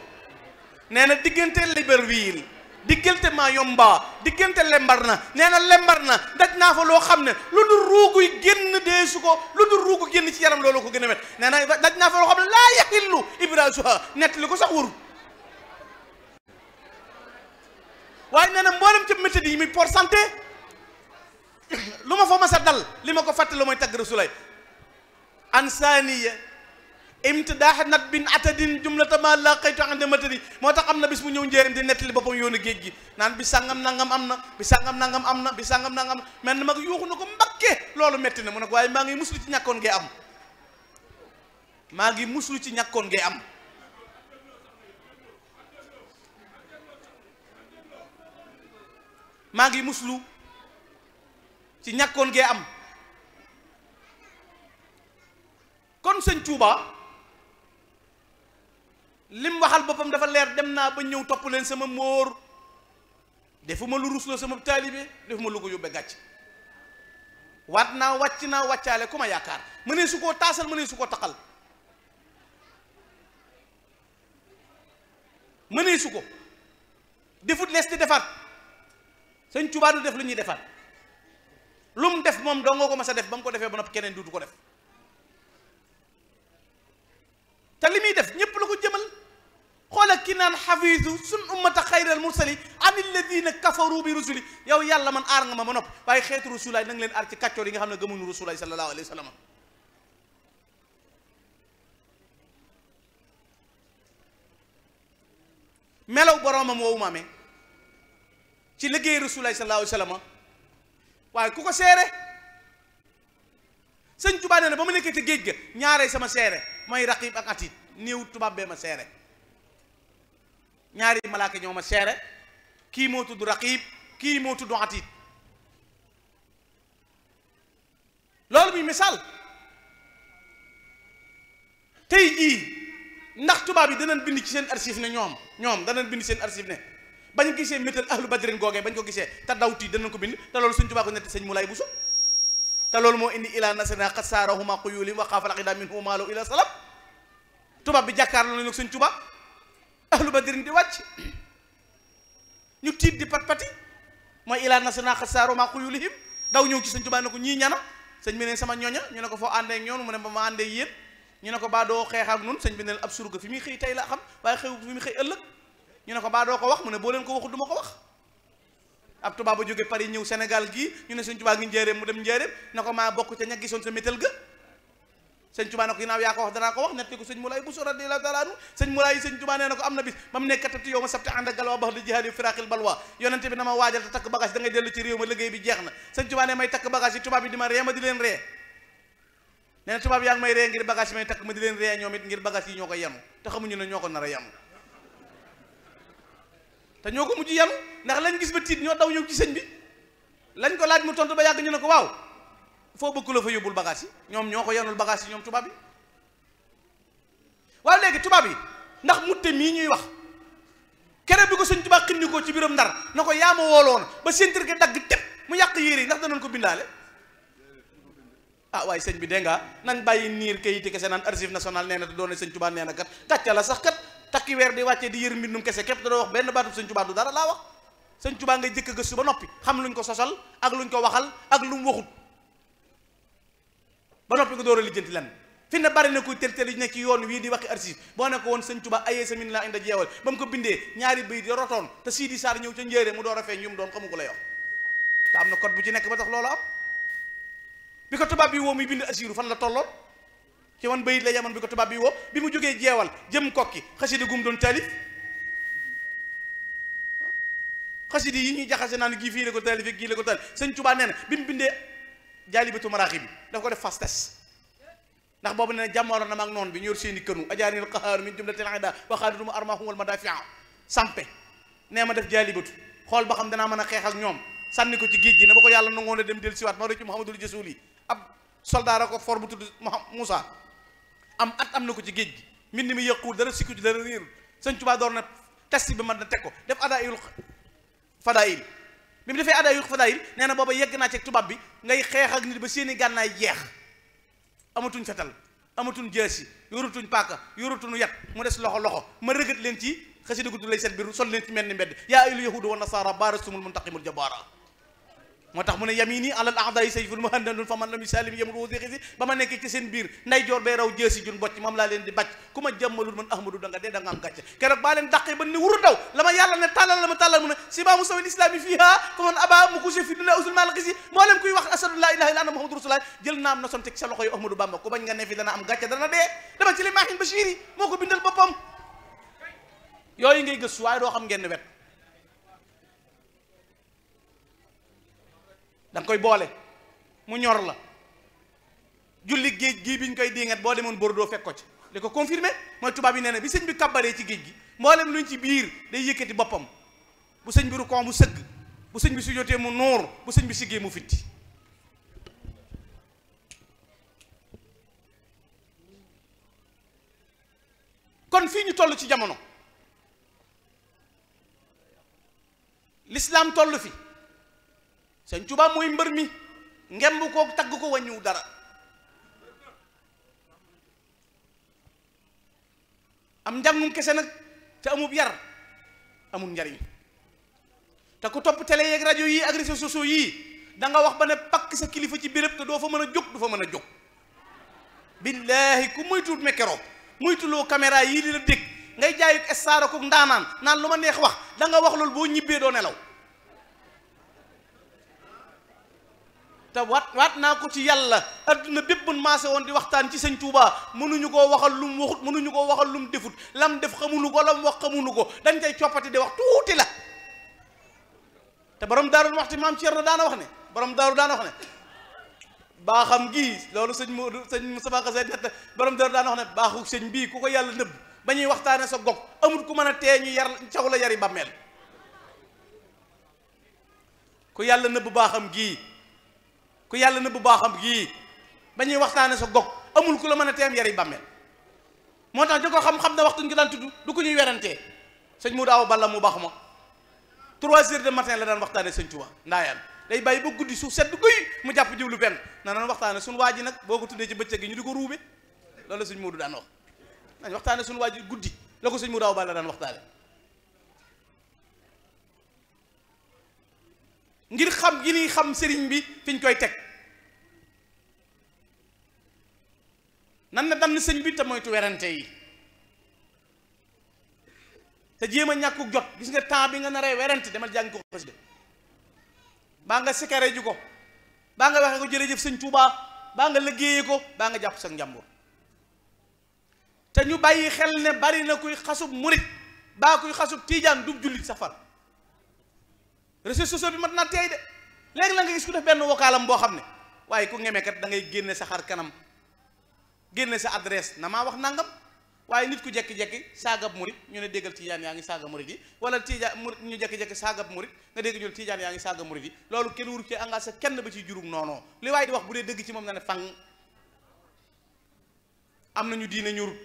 nee na diggante Libreville diggante Mayomba diggante Lembarna nee na Lembarna daj naa fa loo xam ne lu dul ruuguy génn deesu ko lu dul ruugu génn ci yaram loolu ko gën a wet nee na daj naa fa loo xam ne laa yaqillu ibrasuha nett li ko sax wur waaye nee na mboolem ca méthode yi muy pour santé lu ma fa mas a dal li ma ko fàtte lu mooy tagg Rasulaay ansaniya imtidaax nat bin atadin jumlata ma laqaytu ande matadi moo tax am na bis mu ñëw njëriñ di nettali boppam yoonu géej gi naan bi sàngam nangam am na bi sàngam nangam am na bi sàngam nangam mel na mag yuuxu na ko mbakke loolu metti ne mu ne ko waaye maa ngi muslu ci ñàkkoon ngay am maa ngi muslu ci ñakkoon ngay am ngi muslu ci ñàkkoon ngay am kon sëñ Tuuba lim waxal boppam dafa leer dem naa ba ñëw topp leen sama móor defuma lu rusloo sama taalibe defuma lu ko yóbbe gàcc waat naa wàcc naa wàccaale ku ma yaakaar mu su koo taasal mu ne su koo taqal mu ne ko defut lees di defaat sëñ Tuubaa def lu ñuy defaat lu mu def moom doo nga ko mas a def ba mu ko defee ba nopp keneen du ko def te li muy def ñépp la ko jëm xoola ki naan xafiisu sun ummata xayral mursali an alladina kafaru bi rusuli yow yàlla man aar nga ma ma nopp waaye xeetu rusulaay na nga leen aar ci kàccoor yi nga xam ne gëmuñu rusulaay ci liggéey rasulaay sallallahu alayhi waaye ku ko seere sëñ tubaab nee na ba ma nekkee ci géej ga ñaaree sama seere mooy raqib ak atit néew tubaab bee ma seere ñaari malaaka ñoo ma seere kii moo tudd raqib kii moo tudd atiid loolu muy misaal tey jii ndax tubaab yi danañ bind ci seen archive ne ñoom ñoom danañ bind seen archive ne bañ gisee métal ahlu badrin googee bañ ko gisee te dawtii danañ ko bind te loolu suñ tubaab ko nett sëñ Moulay Bousso te loolu moo indi ilaa nasrina xasaarahuma quyulim wa xaafal aqida minhum maalu ila salam tubaab bi jàkkaarloo nañu ak suñ tubaab ba badrin di wàcc ñu tiit di pat-pati mooy ilaa nasana xasaaru maa xuyulihim daw ñëw ci sëñ Tuubaa ne ko ñii ñana sëñ bi ne sama ñoña ñu ne ko foo àndee ak mu ne ba ma àndee yéen ñu ne ko baa doo xeex ak nun sëñ bi ne ab surga fi muy xëy tey la xam waaye xëy fi muy xëy ëllëg ñu ne ko baa doo ko wax mu ne boo leen ko waxut du ko wax ab tubaab ba jóge Paris ñëw Sénégal gii ñu ne sëñ Tuubaa ngi njëréem mu dem njëréem na ko maa bokk ca ña gisoon sa métal ga sëñ Tuubaa ne ko ginnaaw yaa ko wax danaa ko wax netti ko sëñ Moulay Bousso radiyallahu taala anhu sëñ Moulay sëñ Tuubaa nee na ko am na bis ba mu nekkatati yow ma sabti ànd ak galwa bax di jihaal yu firaqil balwa yonente bi na ma waajal te takk bagage da ngay dellu ci réew ma liggéey bi jeex na sëñ Tuubaa ne may takk bagage yi tubaab yi di ma ree ma di leen ree nee tubaab yaa ngi may ree ngir bagage yi di leen ñoo ko yenu te xamuñu ne ñoo ko nar a yenu te ndax lañ gis ba ñoo daw ñëw ci sëñ bi lañ ko laaj mu tontu ba yàgg ñu ne ko waaw foo bëgg la fa yóbbul bagaas yi ñoom ñoo ko yanul bagage yi ñoom tubaab yi waaye léegi tubaab yi ndax mutte mii ñuy wax kere bi ko sëñ tubaab xindi ko ci biram ndar na ko yaa wooloon ba sentir gi dagg tëb mu yàq yére yi ndax danañ ko bindaale ah waaye sëñ bi dégg nan nañ bàyyi niir kayiti kese naan archive national nee na te doone sëñ tubaab nee na kat tàcca la sax kat takki weer di wàccee di yër mbindum kese képp da doo wax benn baatub sëñ tubaab dara laa wax sëñ tubaab ngay jëkk gëstu ba noppi xam luñ ko sosal ak luñ ko waxal ak lu mu ba noppi nga door a lijjanti lan fi ne bari na kuy tërtër yu nekk ci yoon wii di waxi archive boo ne ko woon sëñ Tuba ayee sa min laa inda jeewal ba mu ko bindee ñaari bayit ya rotoon te Sidi Sarr ñëw ca njéere mu door a feeñ mu doon xamu ko lay wax te am na code bu ci nekk ba tax loolu am bi ko tubaab bi woo muy bind asiru fan la tolloon ci wan bayit la yemoon bi ko tubaab bi woo bi mu jógee jeewal jëm kokki xasida gum doon taalif xasida yi ñuy jaxase naan gii fii la ko taalif gii la ko taalif sëñ Tuba nee na bi mu bindee jaalibatu maraaxi bi dafa ko def fas tes ndax boobu nee na jàmmaroon na ma ak noonu bi ñor seeni kënu ajaanil qahaar min jumlatil ida wa xaadiduma armahum wal madafia sampe nee ma def jaalibatu xool ba xam danaa mën a xeex ak ñoom sànni ko ci géej gi ne ba ko yàlla nangoon a dem del siwaat ma rëcc Muhammadul Jasuli ab soldat a ko for bu tudd Moussa am at am na ko ci géej gi mbind mi yëquwul dara sikku ci dara réerul sëñ Tuubaa na test bi mën na teg ko def adaayul fadaayil bi mu defee addaa fadaayil nee na booba yegg naa ci tubaab bi ngay xeex ak nit ba seeni gànnaay jeex amatuñ fetal amatuñ jaasi yoratuñ paaka yoratuñu yat mu des loxo loxo ma rëgët leen ci xasida gudd lay set biir sol leen ci mel ni mbedd yaa ayyuhal yahuudu wa nasaara baarastumul muntaqimul jabaara moo tax mu ne yamini alal ahday sayful muhannadun fa man lam yusalim yamru si ba ma nekk ci seen biir nday joor bay raw jëesi jun bocc moom laa leen di bàcc ku ma jàmmalul man ahmadu da dee da am gàcce keroog baa leen dàqee ba ni wuru daw la ma yàlla ne tàllal la ma tàllal mu ne si baa musawi islami fiha fa man aba mu couché fi dula usul mal xisi moo leen kuy wax asadu la ilaha illa ana muhammadu rasulullah jël naa am gëstu waaye doo xam ngeen wet da koy boole mu ñor la julli géej gii biñ koy dingat boo demoon Bordeaux fekk ko ci li ko confirmé mooy tubaab yi nee bi sëñ bi kabaree ci géej gi mboolem luñ ci biir day yëkkati boppam bu sëñ bi rukkoo mu sëgg bu sëñ bi su jotee mu nuur bu sëñ bi siggee mu fitti kon fii ñu toll ci jamono l'islam toll fi sëñ Tuubaa mooy mbër mi ngemb koo tagg ko wàññiwu dara am njàngum kese nag te amub yar amul njariñ te ku topp tele yeeg rajo yi ak réseaux sociaux yii da wax ba ne pakk sa kilifa ci béréb te doo fa mën a jóg du fa mën a jóg billaahi ku muy moytuwut micro moytuloo caméra yii di la dégg ngay jaayut estaara ko ndaanaan naan lu ma neex wax danga wax loolu boo ñibbee doo nelaw te wat waat naa ko ci yàlla adduna bépp mën maase woon di waxtaan ci sëñ Touba mënuñu koo waxal lum waxut mënuñu koo waxal lum defut lam def xamuñu ko lam wax xamuñu ko dañ koy coppati di wax tuuti la te borom daarul waxti maam Thierno daana wax ne borom daaru daan wax ne baaxam gii loolu sëñ Modou sëñ Moustapha borom daaru daana wax ne baaxu sëñ bii ku ko yàlla nëbb ba ñuy waxtaane sa gog amul ku mën a tee ñu yar caw la yari bàmmeel ku yàlla nëbb baaxam gii ku yàlla na nëbb baaxam kii ba ñuy waxtaane sa gog amul ku la mën a teem yari bàmmeel moo tax ñu ko xam-xam na waxtuñ ko daan tudd du ko ñuy werantee sëñ mu daaw balla mu baax ma trois heures de matin la daan waxtaane sëñ Tuubaa ndaayaan day bàyyi ba guddi suuf sedd guy mu jàpp jiw lu benn na naan waxtaane suñu waa ji nag boo ko tuddee ci bëccëg gi ñu di ko ruube loolu la sëñ Moodu daan wax dañ waxtaane suñu waa ji guddi la ko sëñ mu daaw balla daan waxtaane ngir xam gi ñuy xam sëriñ bi fi koy teg nan na dann sëñ bi te moytu werante yi te jéem a ñàkku jot gis nga temps bi nga naree werante demal jàng ko xasida baa nga sikare ji ko baa nga waxee ko jërëjëf sëñ Tuubaa baa nga liggéeye ko baa nga jàpp sa njàmbur te ñu bàyyi xel ne bari na kuy xasub murit baa kuy xasub tiijaan du jullit safar réseaux sociaux bi mat naa teey de léegi la nga gis ku def benn wokaalam boo xam ne waaye ku ngemekat da ngay génne sa xar kanam génne sa adresse na maa wax nangam waaye nit ku jekki-jekki saagab murit ñu ne déggal tiijaan yaa ngi saaga murit yi wala tiijaan murit ñu jekki-jekki saagab murit nga dégg ñu ne tiijaan yaa ngi saaga murit yi loolu kenn wuru ci engagé kenn ba ci jurum noonoo li waaye di wax bu dee dëgg ci moom na ne fang am nañu diine ñurut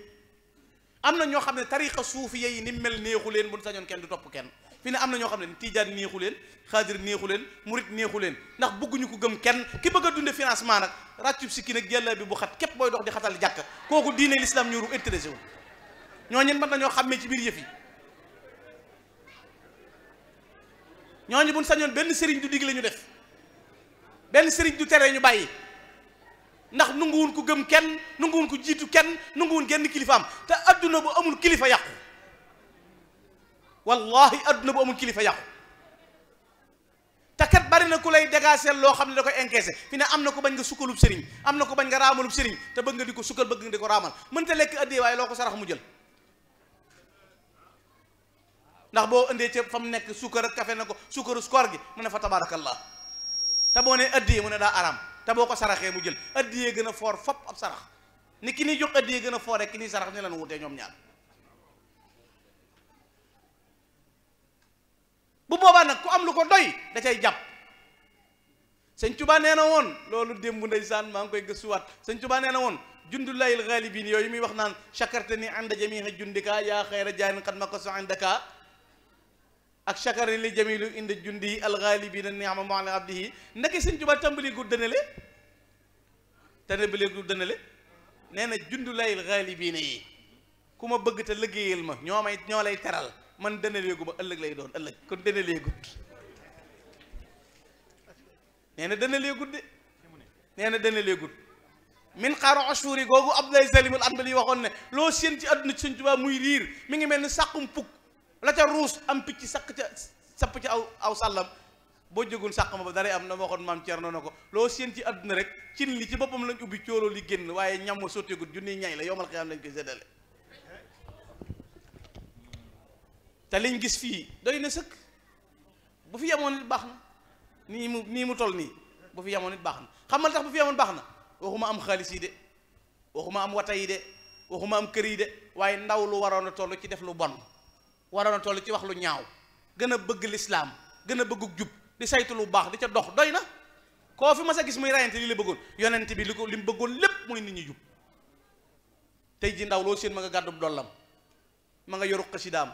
am na ñoo xam ne tariqa suufiya yi ni mel neexu leen bu sañoon kenn du topp kenn fi ne am na ñoo xam ne tiijaan neexu leen xaadir neexu leen murit neexu leen ndax bëgguñu ko gëm kenn ki bëgg a dunde financement nag ràccub sikki nag jàlla bi bu xat képp booy dox di xatal jàkk kooku diine l'islam ñuru intéressé wu ñoo ñen mën nañoo xàmmee ci biir yëf yi ñooñu buñ sañoon benn sëriñ du digle ñu def benn sëriñ du tere ñu bàyyi ndax nunguwun ko gëm kenn nunguwun ko jiitu kenn nunguwun genn kilifaam te adduna bu amul kilifa yàqu wallahi adduna bu amul kilifa yàqu te kat bari na ku lay dégager loo xam ne da koy encaissé fi ne am na ko bañ nga sukkalub sëriñ am na ko bañ nga raamalub sëriñ te bëgg nga di ko sukkal bëgg nga di ko raamal mënta lekk addee waaye loo ko sarax mu jël ndax boo indee ca fa mu nekk sukkar ak kafe na ko sukkaru koor gi mu ne fa tabarakallah te boo nee addiyee mu ne daa araam te boo ko saraxee mu jël addiyee gën a foor fop ab sarax ni ki ni jox addiyee gën rek ki ni sarax ne lan wutee ñoom ñaar bu boobaa nag ku am lu ko doy da cay jàpp sëñ Tuba nee na woon loolu démb ndeysaan maa ngi koy gëstuwaat sëñ Tuba nee na woon jundullahil ghalibin yooyu muy wax naan chakarta ni ànda jamiha jundika yaa xayra jaayin xat ma ko so indaka ak chakari li jamilu inda jundi al ghalibina niama maala abdihi ndeke sëñ Tuba tàmbali gu dënale tàmbali gu dënale nee na jundullahil ghalibina yi ku ma bëgg te liggéeyal ma ñoo may ñoo man dënaleegu ma ëllëg lay doon ëllëg kon dënaleegut nee na dënaleegut de nee na dënaleegut min xaaru asuuri googu Abdoulaye Salim al Anbali waxoon ne loo seen ci àdduna ci Sëñ Tuubaa muy riir mi ngi mel ni sàqum pukk la ca ruus am picc sàq ca sapp ca aw aw sàllam boo jógul sàq ma ba dara am na waxoon maam Cerno na ko loo seen ci àdduna rek cin li ci boppam lañ ubbi cóoloo li génn waaye ñam ma sotteegut junniy ñay la yomal xiyaam lañ koy séddale te liñ gis fii doy na sëkk bu fi yemoon nit baax na nii mu nii mu toll nii bu fi yemoon nit baax na xam nga tax bu fi yemoon baax na waxuma am xaalis yi de waxuma am wata yi de waxuma am kër yi de waaye ndaw lu waroon a toll ci def lu bon waroon a toll ci wax lu ñaaw gën a bëgg lislaam gën a bëggug jub di saytu lu baax di ca dox doy na koo fi ma sa gis muy rayante lii la bëggoon yonent bi li ko li mu bëggoon lépp mooy nit ñi jub tey ji ndaw loo seen ma nga gàddu dollam ma nga yoru xasidaam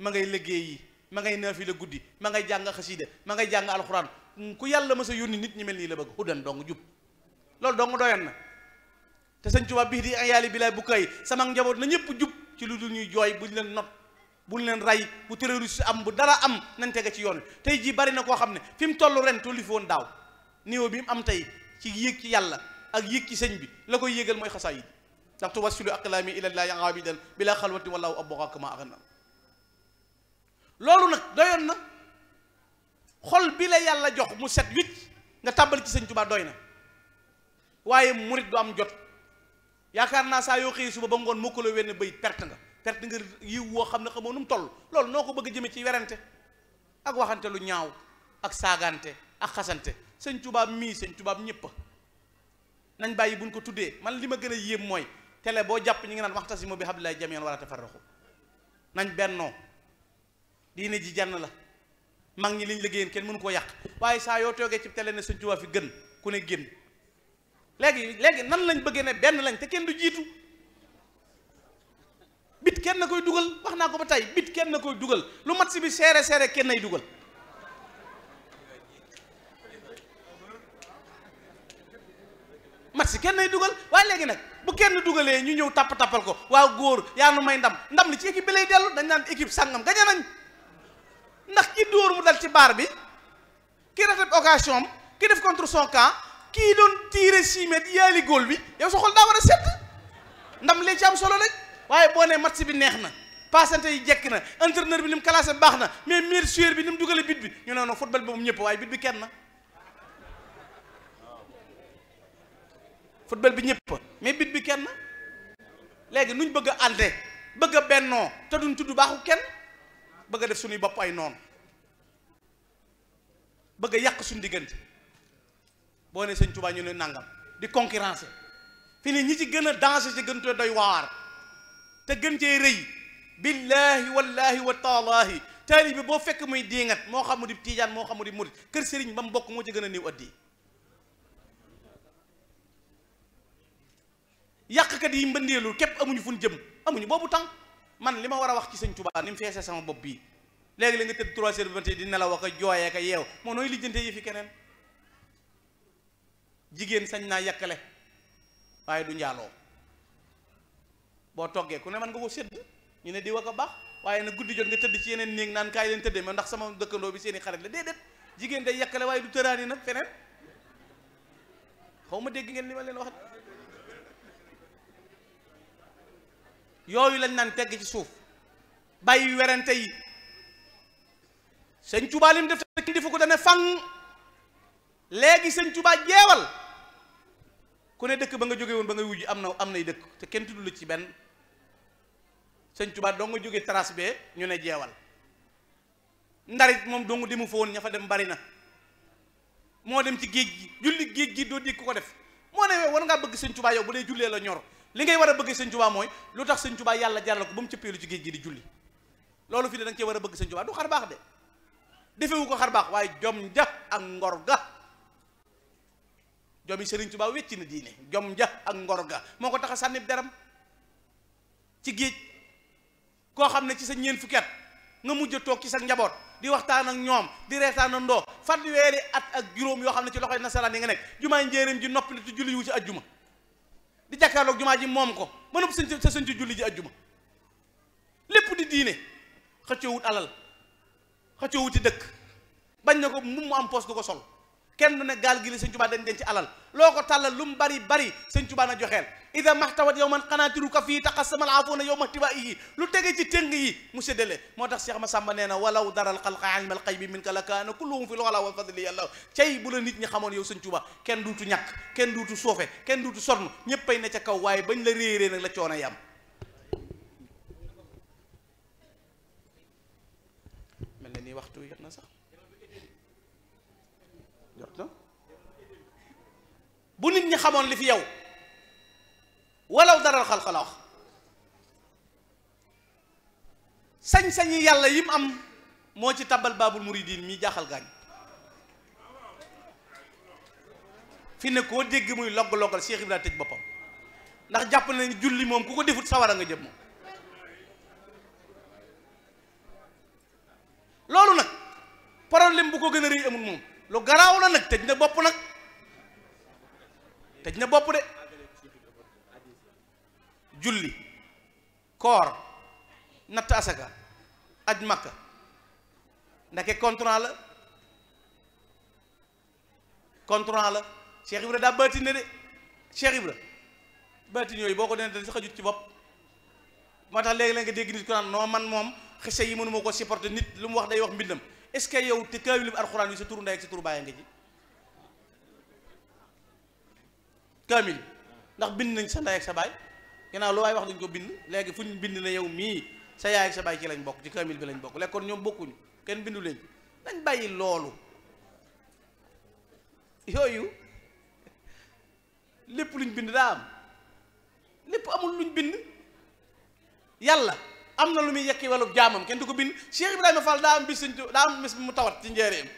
ma ngay liggéey yi ma ngay naafila guddi ma ngay jàng xasiida ma ngay jàng alxuraan ku yàlla ma sa yónni nit ñi mel nii la bëgg xudan dong jub loolu dong doyan na te sëñ Tuubaa bii di ayaali bilaay bu kay sama njaboot na ñëpp jub ci lu dul ñuy jooy buñ leen not buñ leen rey bu terroriste am bu dara am nañ tege ci yoon tey jii bari na koo xam ne fi mu toll ren tollu fi woon daaw néew bi mu am tey ci yéeg ci yàlla ak yéeg ci sëñ bi la koy yëgal mooy xasaayid ndax tuwasilu aqlaami ilallaahi aabidan bilaa xalwati wallaahu abwaaka ma agna loolu nag doyoon na xol bi la yàlla jox mu set wicc nga tàbbal ci sañ Tuubaa doy na waaye murit du am jot yaakaar naa saa yoo xëyee suba ba ngoon mukk la wenn bayit perte nga perte nga yiw woo xam ne xamoo nu mu toll loolu noo ko bëgg a jëme ci werante ak waxante lu ñaaw ak saagante ak xasante sëñ tubaab mii sëñ tubaab ñëpp nañ bàyyi buñ ko tuddee man li ma gën a yéem mooy tele boo jàpp ñi ngi naan waxtasimu bi hablillahi jamii'an wala tafarraqu nañ bennoo ne ji jann la mag ñi liñ liggéeyoon kenn mënu koo yàq waaye saa yoo toogee ci télé ne Sëñ Tuubaa fi gën ku ne génn léegi léegi nan lañ bëggee ne benn lañ te kenn du jiitu bit kenn na koy dugal wax naa ko ba tey bit kenn na koy dugal lu mat si bi seere seere kenn nay dugal mat kenn nay dugal waaye léegi nag bu kenn dugalee ñu ñëw tapp tappal ko waaw góor yaa nu may ndam ndam li ci équipe bi lay dellu dañ naan équipe sàngam gañe nañ ndax ki dóor mu dal ci baar bi ki rafet occasion am ki def contre son camp kii doon tiire simet yaali góol bi yow sa xol daa war a set ndam lee ci am solo lañ waaye boo nee match bi neex na passante yi jekki na entraîneur bi ni mu classé baax na mais meilleur joueur bi ni mu dugale bit bi ñu ne non football bi moom ñëpp bi kenn na football bi ñëpp mais bit bi kenn na léegi nuñ bëgg a ànde bëgg a bennoo te duñ tudd baaxu kenn bëgg def suñuy bopp ay noon bëgg a yàq suñu diggante boo ne sëñ Tuubaa ñu ne nangam di concurrence fi ne ñi ci gën a danger ci gën te doy waar te gën cee rëy billaahi wallaahi wa taalaahi taalibe boo fekk muy diingat moo xam mu di tiijaan moo xam mu di murit kër sëriñ ba mu bokk moo ci gën a néew addi yàqkat yi mbëndeelu képp amuñu fu jëm amuñu boobu tànk man li ma war a wax ci sëñ Tuubaa ni mu feesee sama bopp bii léegi la nga tëdd trois heures vingt di nelaw ak a jooyee ak yeew moo nooy lijjantee yëfi keneen jigéen sañ naa yàkkale waaye du njaaloo boo toggee ku ne man nga ko sedd ñu ne di wa ko baax waaye nag guddi jot nga tëdd ci yeneen néeg naan kaay leen tëddee ma ndax sama dëkkandoo bi seeni xarit la déedéet jigéen day yàkkale waaye du tëraani nag feneen xaw ma dégg ngeen li ma leen wax yooyu lañ naan tegg ci suuf bàyyi werante yi sëñ Tuubaa lim def te defu ko dane fang léegi sëñ Tuubaa jeewal ku ne dëkk ba nga jóge woon ba nga wujj am na am nay dëkk te kenn tudd ci benn sëñ Tuubaa doo jóge trace bee ñu ne jeewal ndarit moom doo nga demu fa woon dem bari na moo dem ci géej gi julli géej gi doo dégg ko def moo ne war ngaa bëgg sëñ Tuubaa yow bu dee jullee la ñor li ngay war a bëgg sëñ Tuubaa mooy lu tax sëñ Tuubaa yàlla jaral ko ba mu cëppeelu ci géej gi di julli loolu fii ne da nga war a bëgg sëñ Tuubaa du xar baax de defewu ko xar baax waaye jom ja ak ngor ga jomi sëriñ Tuubaa wecci na diine jom ja ak ngor ga moo ko tax a sànni deram ci géej koo xam ne ci sa ñeent fukki at nga mujj a toog ci sa njaboot di waxtaan ak ñoom di ndoo reetaanandoo fanweeri at ak juróom yoo xam ne ci loxoy nasaraan yi nga nekk jumaay njéeréem ji noppali tu julli wu ci di jàkkaarloog jumaa ji moom ko ba noppi sëñ sa sëñ ci julli ji ajjuma lépp di diine xëccoo wut alal xëccoo dëkk bañ na ko mu mu am poste du ko sol kenn du ne gaal gi li sëñ Tuubaa dañ denc alal loo ko tàllal lu mu bari bari sëñ Tuubaa na joxeel ida maxtawat yow man xanaatiru ka fii taqasama alaafuuna yow maxtiba yi lu tege ci tëng yi mu séddale moo tax ma Massamba nee na walaw daral xalqa ilmal xaybi min ka la kaana kulluhum fi lxalaa wal fadli yàlla cay bu la nit ñi xamoon yow sëñ Tuubaa kenn duutu ñàkk kenn duutu soofe kenn duutu sonn ñéppay ne ca kaw waaye bañ la réerée nag la yam bu nit ñi xamoon li fi yow walaw daral xalqa la wax sañ-sañi yàlla yi am moo ci tabal baabul muridiin mi jaaxal gaañ fi ne koo dégg muy logg-loggal Cheikh Ibrahima tëj boppam ndax jàpp nañ julli moom ku ko defut sawara nga jëm moom loolu nag problème bu ko gën a rëy amul moom lu garaaw la nag tëj na bopp nag tëj na bopp de julli koor natt asaka aj makka ndake contrat la contrat la Cheikh Ibra daa baatin ne de Cheikh baatin yooyu boo ko dene da sax a jut ci bopp moo tax léegi la nga dégg nit ko naan noo man moom xese yi mënuma ko supporter nit lu mu wax day wax mbindam est-ce que yow te kaawilib alxuraan yi sa turu ndey ak sa turu bàyyi nga kaamil ndax bind nañ sa ndey ak sa baay ginnaaw lu waay wax dañ ko bind léegi fu ñu bind na yow mii sa yaay ak sa baay ci lañ bokk ci kaamil bi lañ bokk léegi kon ñoom bokkuñu kenn bindu leen dañ bàyyi loolu yooyu lépp luñ bind daa am lépp amul luñ bind yàlla am na lu muy yekki wàllu jaamam kenn du ko bind Cheikh Ibrahima Fall daa am bis daa am bis mu tawat ci njëriñam.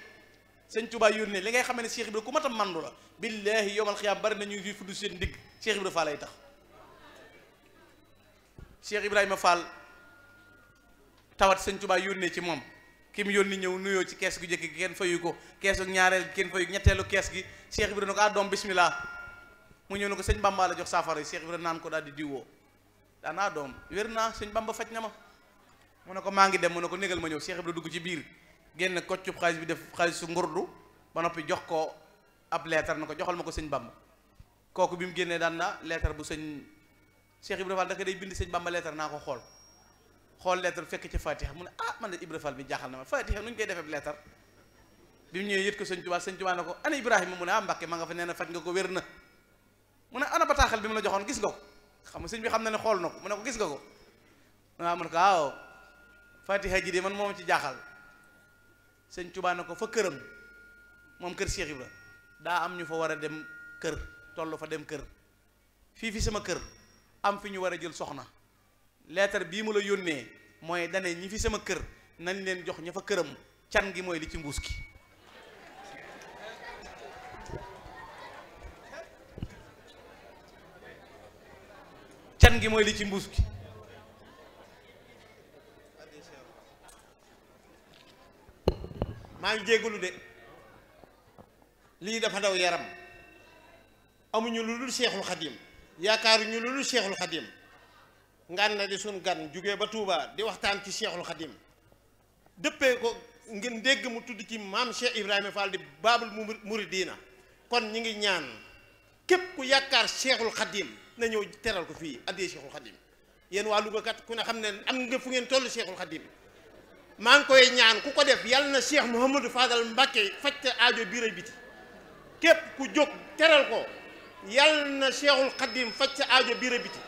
sëñ Touba yónne li ngay xamee ne seex Ibra ku mat a mandu la billaahi yowmal xiyaam bari na ñuy fudd seen digg Cheikh Ibra Fall lay tax Cheikh Ibrahima Fall tawat sëñ Touba yónnee ci moom ki mu yónni ñëw nuyoo ci kees gu njëkk gi kenn fayu ko keesu ñaareel kenn fayu ñetteelu kees gi seex Ibra ne ko ah doom bismillah mu ñëw ne ko sëñ Bamba la jox saafara yi Cheikh Ibra naan ko daal di diwoo daanaa ah, doom wér naa sëñ Bamba faj na ma mu ne ko maa ngi dem mu ne ko négal ma ñëw Cheikh Ibra dugg ci biir génn koccub xaalis bi def xaalis su ngurdu ba noppi jox ko ab leetar na ko joxal ma ko sëñ Bamba kooku bi mu génnee daan na leetar bu sëñ Cheikh Ibra Fall daka day bind sëñ Bamba leetar naa ko xool xool leetar fekk ci Fatiha mu ne ah man de Ibra jaaxal na ma Fatiha nu ñu koy defee leetar bi mu ñëwee yët ko sëñ Tuubaa sëñ Tuubaa ko ana Ibrahima mu ne ah Mbàkke ma nga fa na faj nga ko wér na mu ne ana bataaxal bi mu la joxoon gis nga ko xam nga sëñ bi xam na ne xool na ko mu ne ko gis nga ko waaw ah, mu ne ko ji de man moom ci jaaxal sëñ Tuubaa ko fa këram moom kër Cheikh la daa am ñu fa war a dem kër toll fa dem kër fii fi sama kër am fi ñu war a jël soxna leetar bii mu la yónnee mooy dane ñi fi sama kër nañ leen jox ña fa këram can gi mooy li ci mbuus gi can gi mooy li ci mbuus gi maa ngi jégalu de lii dafa daw yaram amuñu lu dul seexul xadim yaakaaruñu lu dul seexul xadim ngan na di suñ gan jóge ba tuubaa di waxtaan ci seexul xadim dëppee ko ngeen dégg mu tudd ci maam Cheikh Ibrahima Fall di baabul muridina kon ñu ngi ñaan képp ku yaakaar seexul xadim na ñëw teral ko fii addee seexul xadim yéen waa Louga kat ku ne xam ne am nga fu ngeen toll seexul xadim maa ngi koy ñaan ku ko def yàlla na Cheikh Mouhamadou Fadal Mbacké faj te aajo biir ak biti képp ku jóg teral ko yàlla na Cheikhul Khadim faj te aajo biir ak biti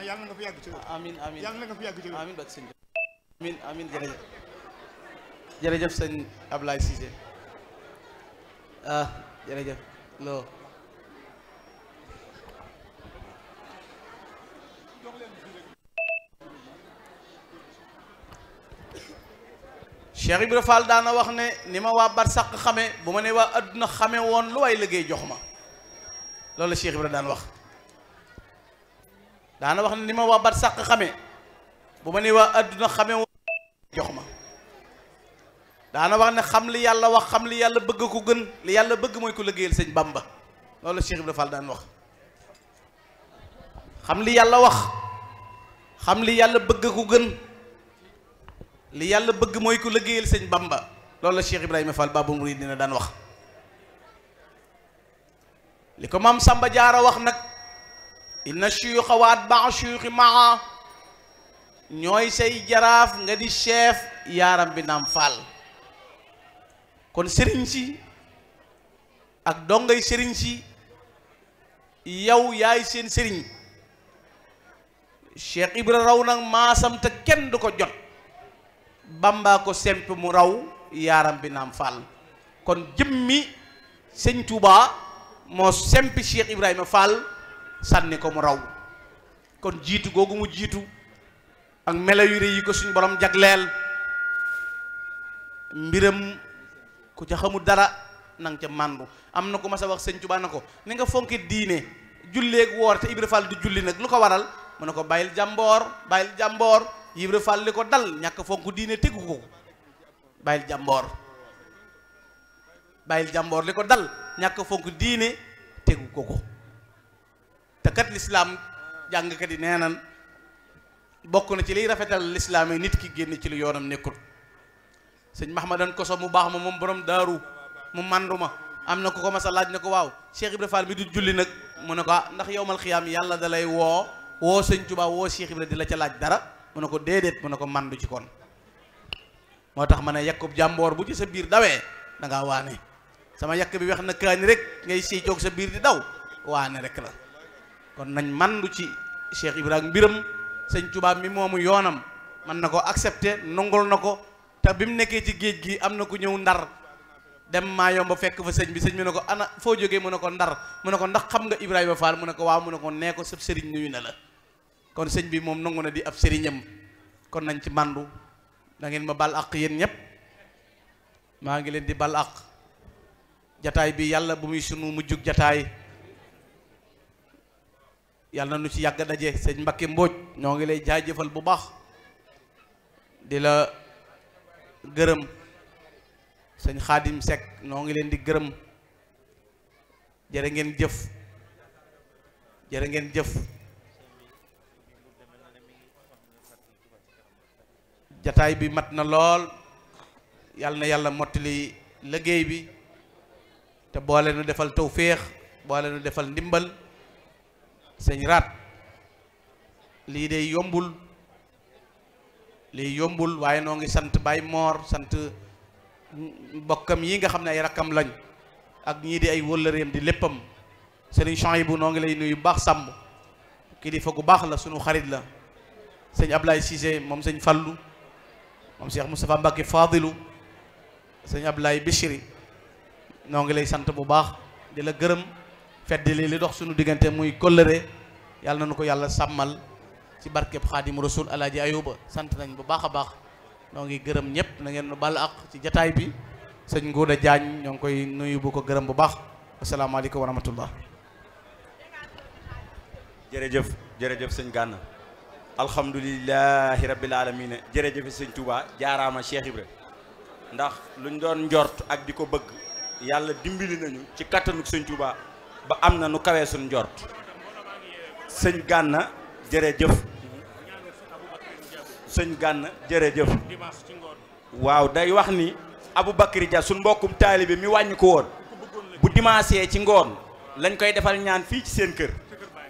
yàlla na nga fi yàgg ci amiin amiin yàlla na nga fi ci amiin amiin jërëjëf jërëjëf sëñ ah jërëjëf non. Cheikh Ibra Fall daana wax ne ni ma waa barsàq xame bu ma ne waa adduna xame woon lu waay liggéey jox ma loolu la Cheikh Ibra daan wax daana wax ne ni ma waa barsàq xame bu ma ne waa adduna xame woon jox ma daana wax ne xam li yàlla wax xam li yàlla bëgg gën yàlla bëgg mooy ko liggéeyal sëñ Bamba loolu la Cheikh Ibrahima Fall daan wax xam li yàlla wax xam li yàlla bëgg ko gën li yàlla bëgg mooy ko sëñ Bamba loolu la Cheikh Ibrahima Fall Babou daan wax li ko maam Samba Jaara wax nag inna suyuxa waat baax suyuxi maa ñooy say jaraaf nga di chef yaaram bi naam Fall kon sëriñ si ak dongay sëriñ si yow yaay seen sëriñ Cheikh Ibra raw nag maasam te kenn du ko jot Bamba ko semp mu raw yaaram bi naam Fall kon jëmmi sëñ Touba moo sempi Cheikh Ibrahima Fall sànni ko mu raw kon jiitu googu mu jiitu ak melo yu yi ko suñ borom jagleel mbiram ku ca xamul dara nang ca màndu am na ku ma a wax sëñ Tuubaa na ko ni nga fonke diine julleeg woor te Ibra Fall du julli nag lu ko waral mu ne ko bàyyil jàmboor bàyyil jàmboor Ibra li ko dal ñàkk fonk diine tegu ko bàyyil jàmboor bàyyil jàmboor li ko dal ñàkk fonk diine tegu ko ko te kat lislaam jàngkat yi nee nan bokk na ci liy rafetal lislaam yi nit ki génn ci lu yoonam nekkul sëñ mahamadan koso mu baax ma moom borom daaru mu mandu ma am na ko ko ma sa laaj ne ko waaw Cheikh Ibra Fall mi du julli nag mu ne ko ah ndax yowmal xiyaam yàlla da woo woo sañ Tuubaa woo Cheikh Ibra di la ca laaj dara mu ne ko déedéet mu ne ko mandu ci kon moo tax ma ne yàkkub jàmboor bu sa biir dawee da ngaa waane sama yàkk bi wex na kaani rek ngay siy joog sa biir di daw waane rek la kon nañ mandu ci Cheikh Ibrahima mbiram sëñ Tuubaa mi moomu yoonam man na ko accepté nangul na ko te bi mu nekkee ci géej gi am na ku ñëw ndar dem maa yomba fekk fa sëñ bi sëñ bi ne ko ana foo jógee mu ne ko ndar ne ko ndax xam nga Ibrahima Fall mu ne ko waaw mu ne ko nee ko sëb sëriñ nuyu na la kon sëñ bi moom nangu na di ab sëriñam kon nañ ci màndu da ngeen ma bal àq yéen ñëpp maa ngi leen di bal àq jataay bi yàlla bu muy sunu mujjug jataay yàlla na nu ci yàgg daje sëñ Mbakke Mbóoj ñoo ngi lay jaajëfal bu baax di la gërëm sëñ xaadim Seck noo ngi leen di gërëm jërë ngeen jëf jërë ngeen jëf jataay bi mat na lool yàlla na yàlla mottali liggéey bi te boole nu defal tawféex boole nu defal ndimbal sëñ raat lii day yombul lii yombul waaye noo ngi sant Baye Mor sant mbokkam yi nga xam ne ay rakkam lañ ak ñii di ay wëllëreem di léppam sëriñ Chouaïbou noo ngi lay nuyu baax sàmm kilifa gu baax la sunu xarit la sëñ Ablaye Cissé moom sëñ Fallou moom Cheikh Moustapha Mbacké Fadilou sëñ Ablaye Bichiri noo ngi lay sant bu baax di la gërëm fedd li li dox sunu diggante muy kóllëre yàlla na nu ko yàlla sàmmal ci barkeb xaadim rasul alaaji ayuba sant nañ bu baax a baax noo ngi gërëm ñëpp nangeen ngeen nu bal ak ci jataay bi sëñ Ngouda jaañ ñoo ngi koy nuyu ko gërëm bu baax asalaamaaleykum wa rahmatullah jërëjëf jërëjëf sëñ Gana alhamdulilahi rabbil alamina jërëjëf sëñ Touba jaaraama Cheikh Ibra ndax luñ doon njort ak di ko bëgg yàlla dimbili nañu ci kattanuk sëñ Touba ba am na nu kawee suñ njort sëñ Gana jërëjëf sëñ gànn jërëjëf waaw day wax ni Aboubacry Dia suñ mbokkum taalibe mi wàññi woon bu dimanche ci ngoon lañ koy defal ñaan fii ci seen kër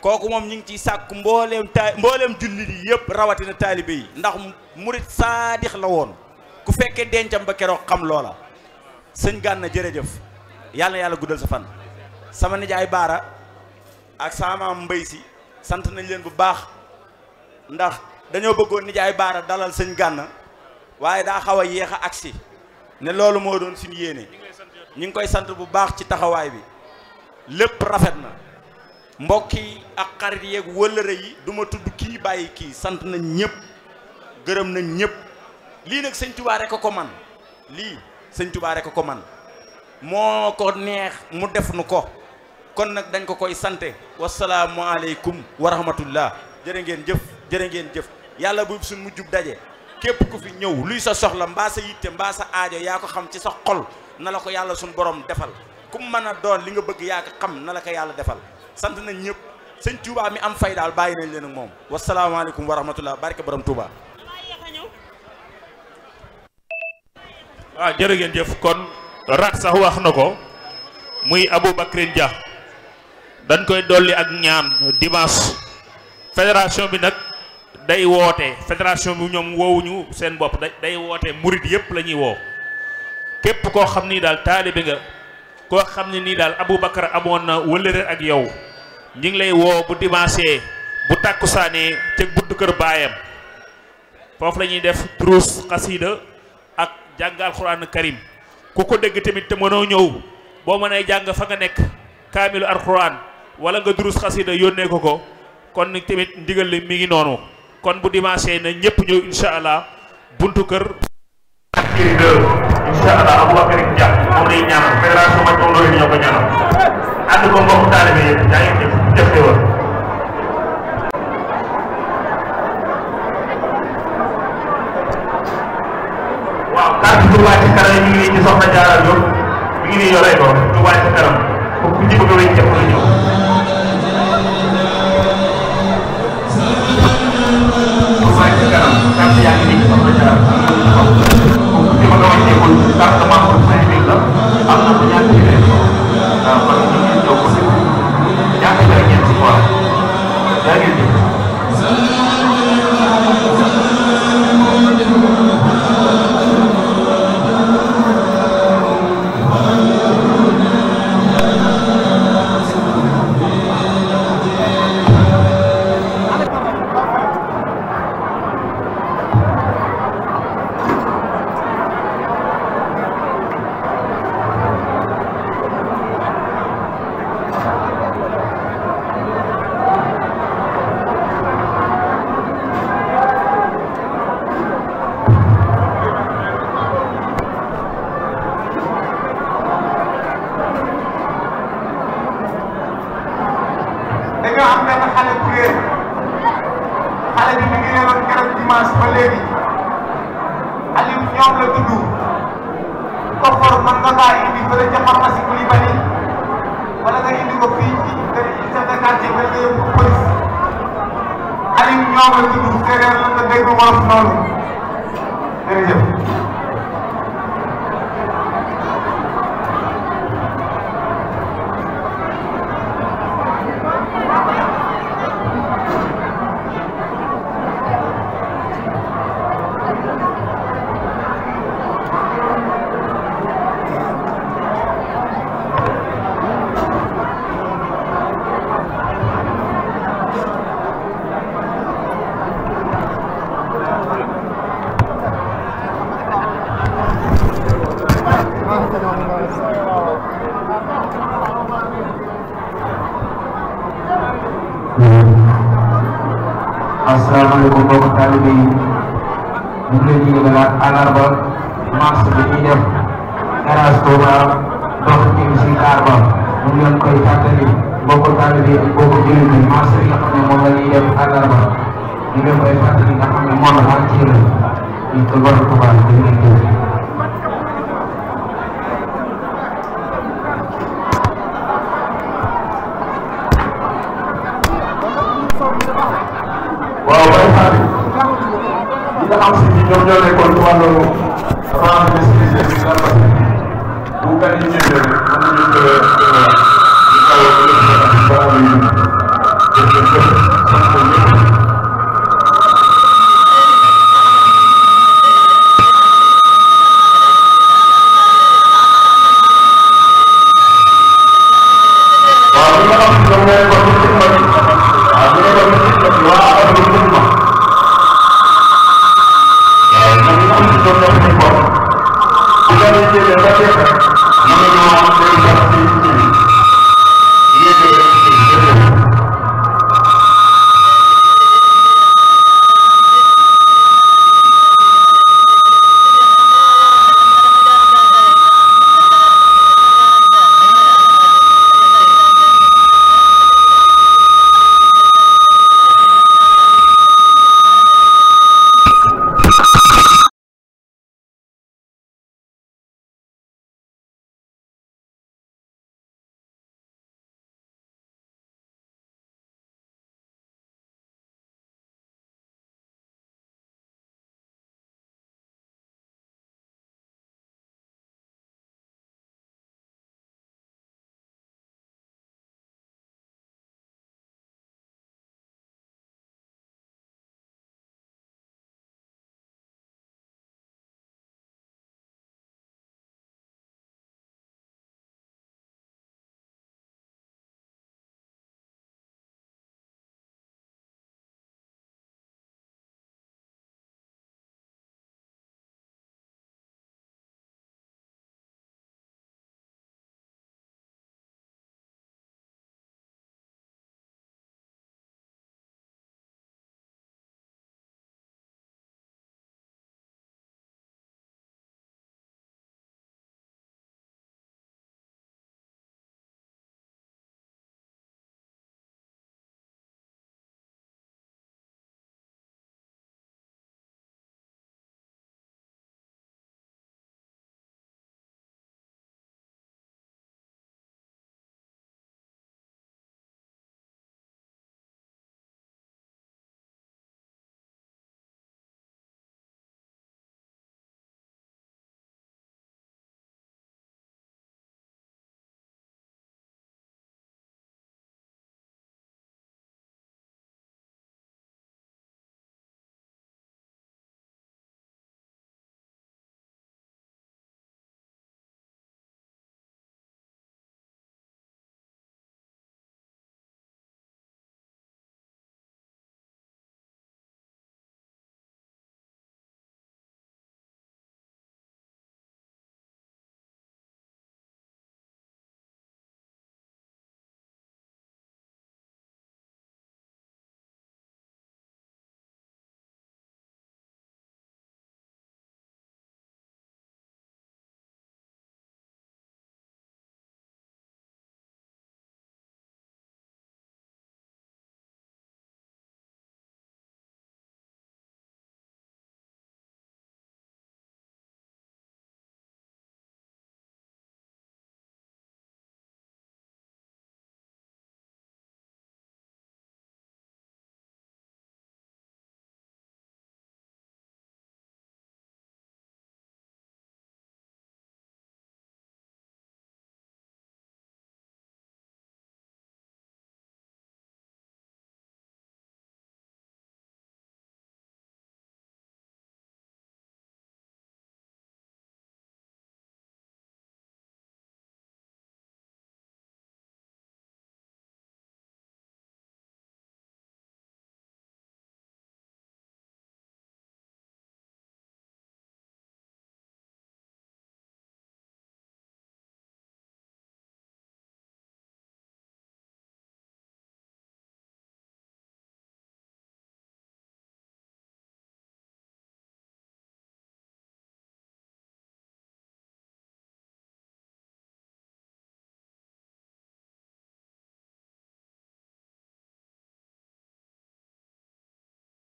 kooku moom ñu ngi ciy sàkk mbooleem taali mbooleem jullit yi yëpp rawatina taalibe yi ndax murit saadix la woon ku fekkee dencam ba keroog xam loola sëñ gànn jërëjëf yàlla yàlla guddal sa fan sama nijaay baara ak sama mbay si sant nañ leen bu baax ndax dañoo bëggoon nijaay baara dalal sëñ gànna waaye daa xaw a yéex a agsi ne loolu moo doon suñu yéene ñu ngi koy sant bu baax ci taxawaay bi lépp rafet na mbokk yi ak xarit yeeg wëllëre yi du ma tudd kii bàyyi kii sant nañ ñëpp gërëm nañ ñëpp lii nag sëñ tubaa rek ko man lii sëñ tubaa rek ko man moo ko neex mu def nu ko kon nag dañ ko koy sante wasalaamualeykum wa rahmatullah jërë ngeen jëf jëre ngeen jëf yàlla bu suñ mujjub daje képp ku fi ñëw luy sa soxla mbaa sa yitte mbaa sa aajo yaa ko xam ci sa xol na la ko yàlla suñ borom defal ku mën a doon li nga bëgg yaa ko xam na la ko yàlla defal sant nañ ñëpp sëñ Touba mi am fay daal bàyyi nañ leen ak moom wasalaamaaleykum wa rahmatullah barke borom Touba. waaw ah, jërë ngeen jëf kon rak sax wax na ko muy Aboubacrin ja dañ koy dolli ak ñaan dimanche fédération bi nag. day woote fédération bu ñoom woowuñu seen bopp day woote murit yëpp lañuy woo képp koo xam ni daal taalibe nga koo xam ne nii daal Aboubacar amoon na wëllëre ak yow ñi ngi lay woo bu dimanche bu tàkkusaanee ca buntu kër baayam foofu lañuy def drus xasida ak jàng alxuraan karim ku ko dégg tamit te mënoo ñëw boo mënee jàng fa nga nekk kaamilu alxuraan wala nga drus xasida yónnee ko ko kon tamit ndigal mi ngi noonu kon bu dimanche na ñëpp ñëw incha allah buntu kër. incha allah Aboubacar Diagne moom lay ñaanal fédération ma ñoom loolu ñoo ko ñaanal ànd ko mbokk taalibe yëpp yaa jaaral yoon mi ngi nii yore ko Touba ci kanam ku ci bëgg a wéy ñëw ñaata yaa ngi nii am na ñaar comme ni ma la waxee woon carte membre cinq mille la am na ko ñaata yu bëri waaw kon ñu ngi ñëw ko ñaata yaa ngeen si quoi yaa ngeen asalaamaaleykum mbokk taalibe yi ñu ngi leen di yëgalaat àllarba mars bi ñuy def garage Touba dox jëm si kaar ba ñu ngi leen koy fàttali mbokk taalibe yi boo ko jëlee bi mars bi nga xam ne moom la ñuy def àllarba ñu ngi leen koy fàttali nga xam ne moom la ci ñu ko war a Touba ñu ngi leen ñoo nekkoon ci wàllu renseignement bu gën a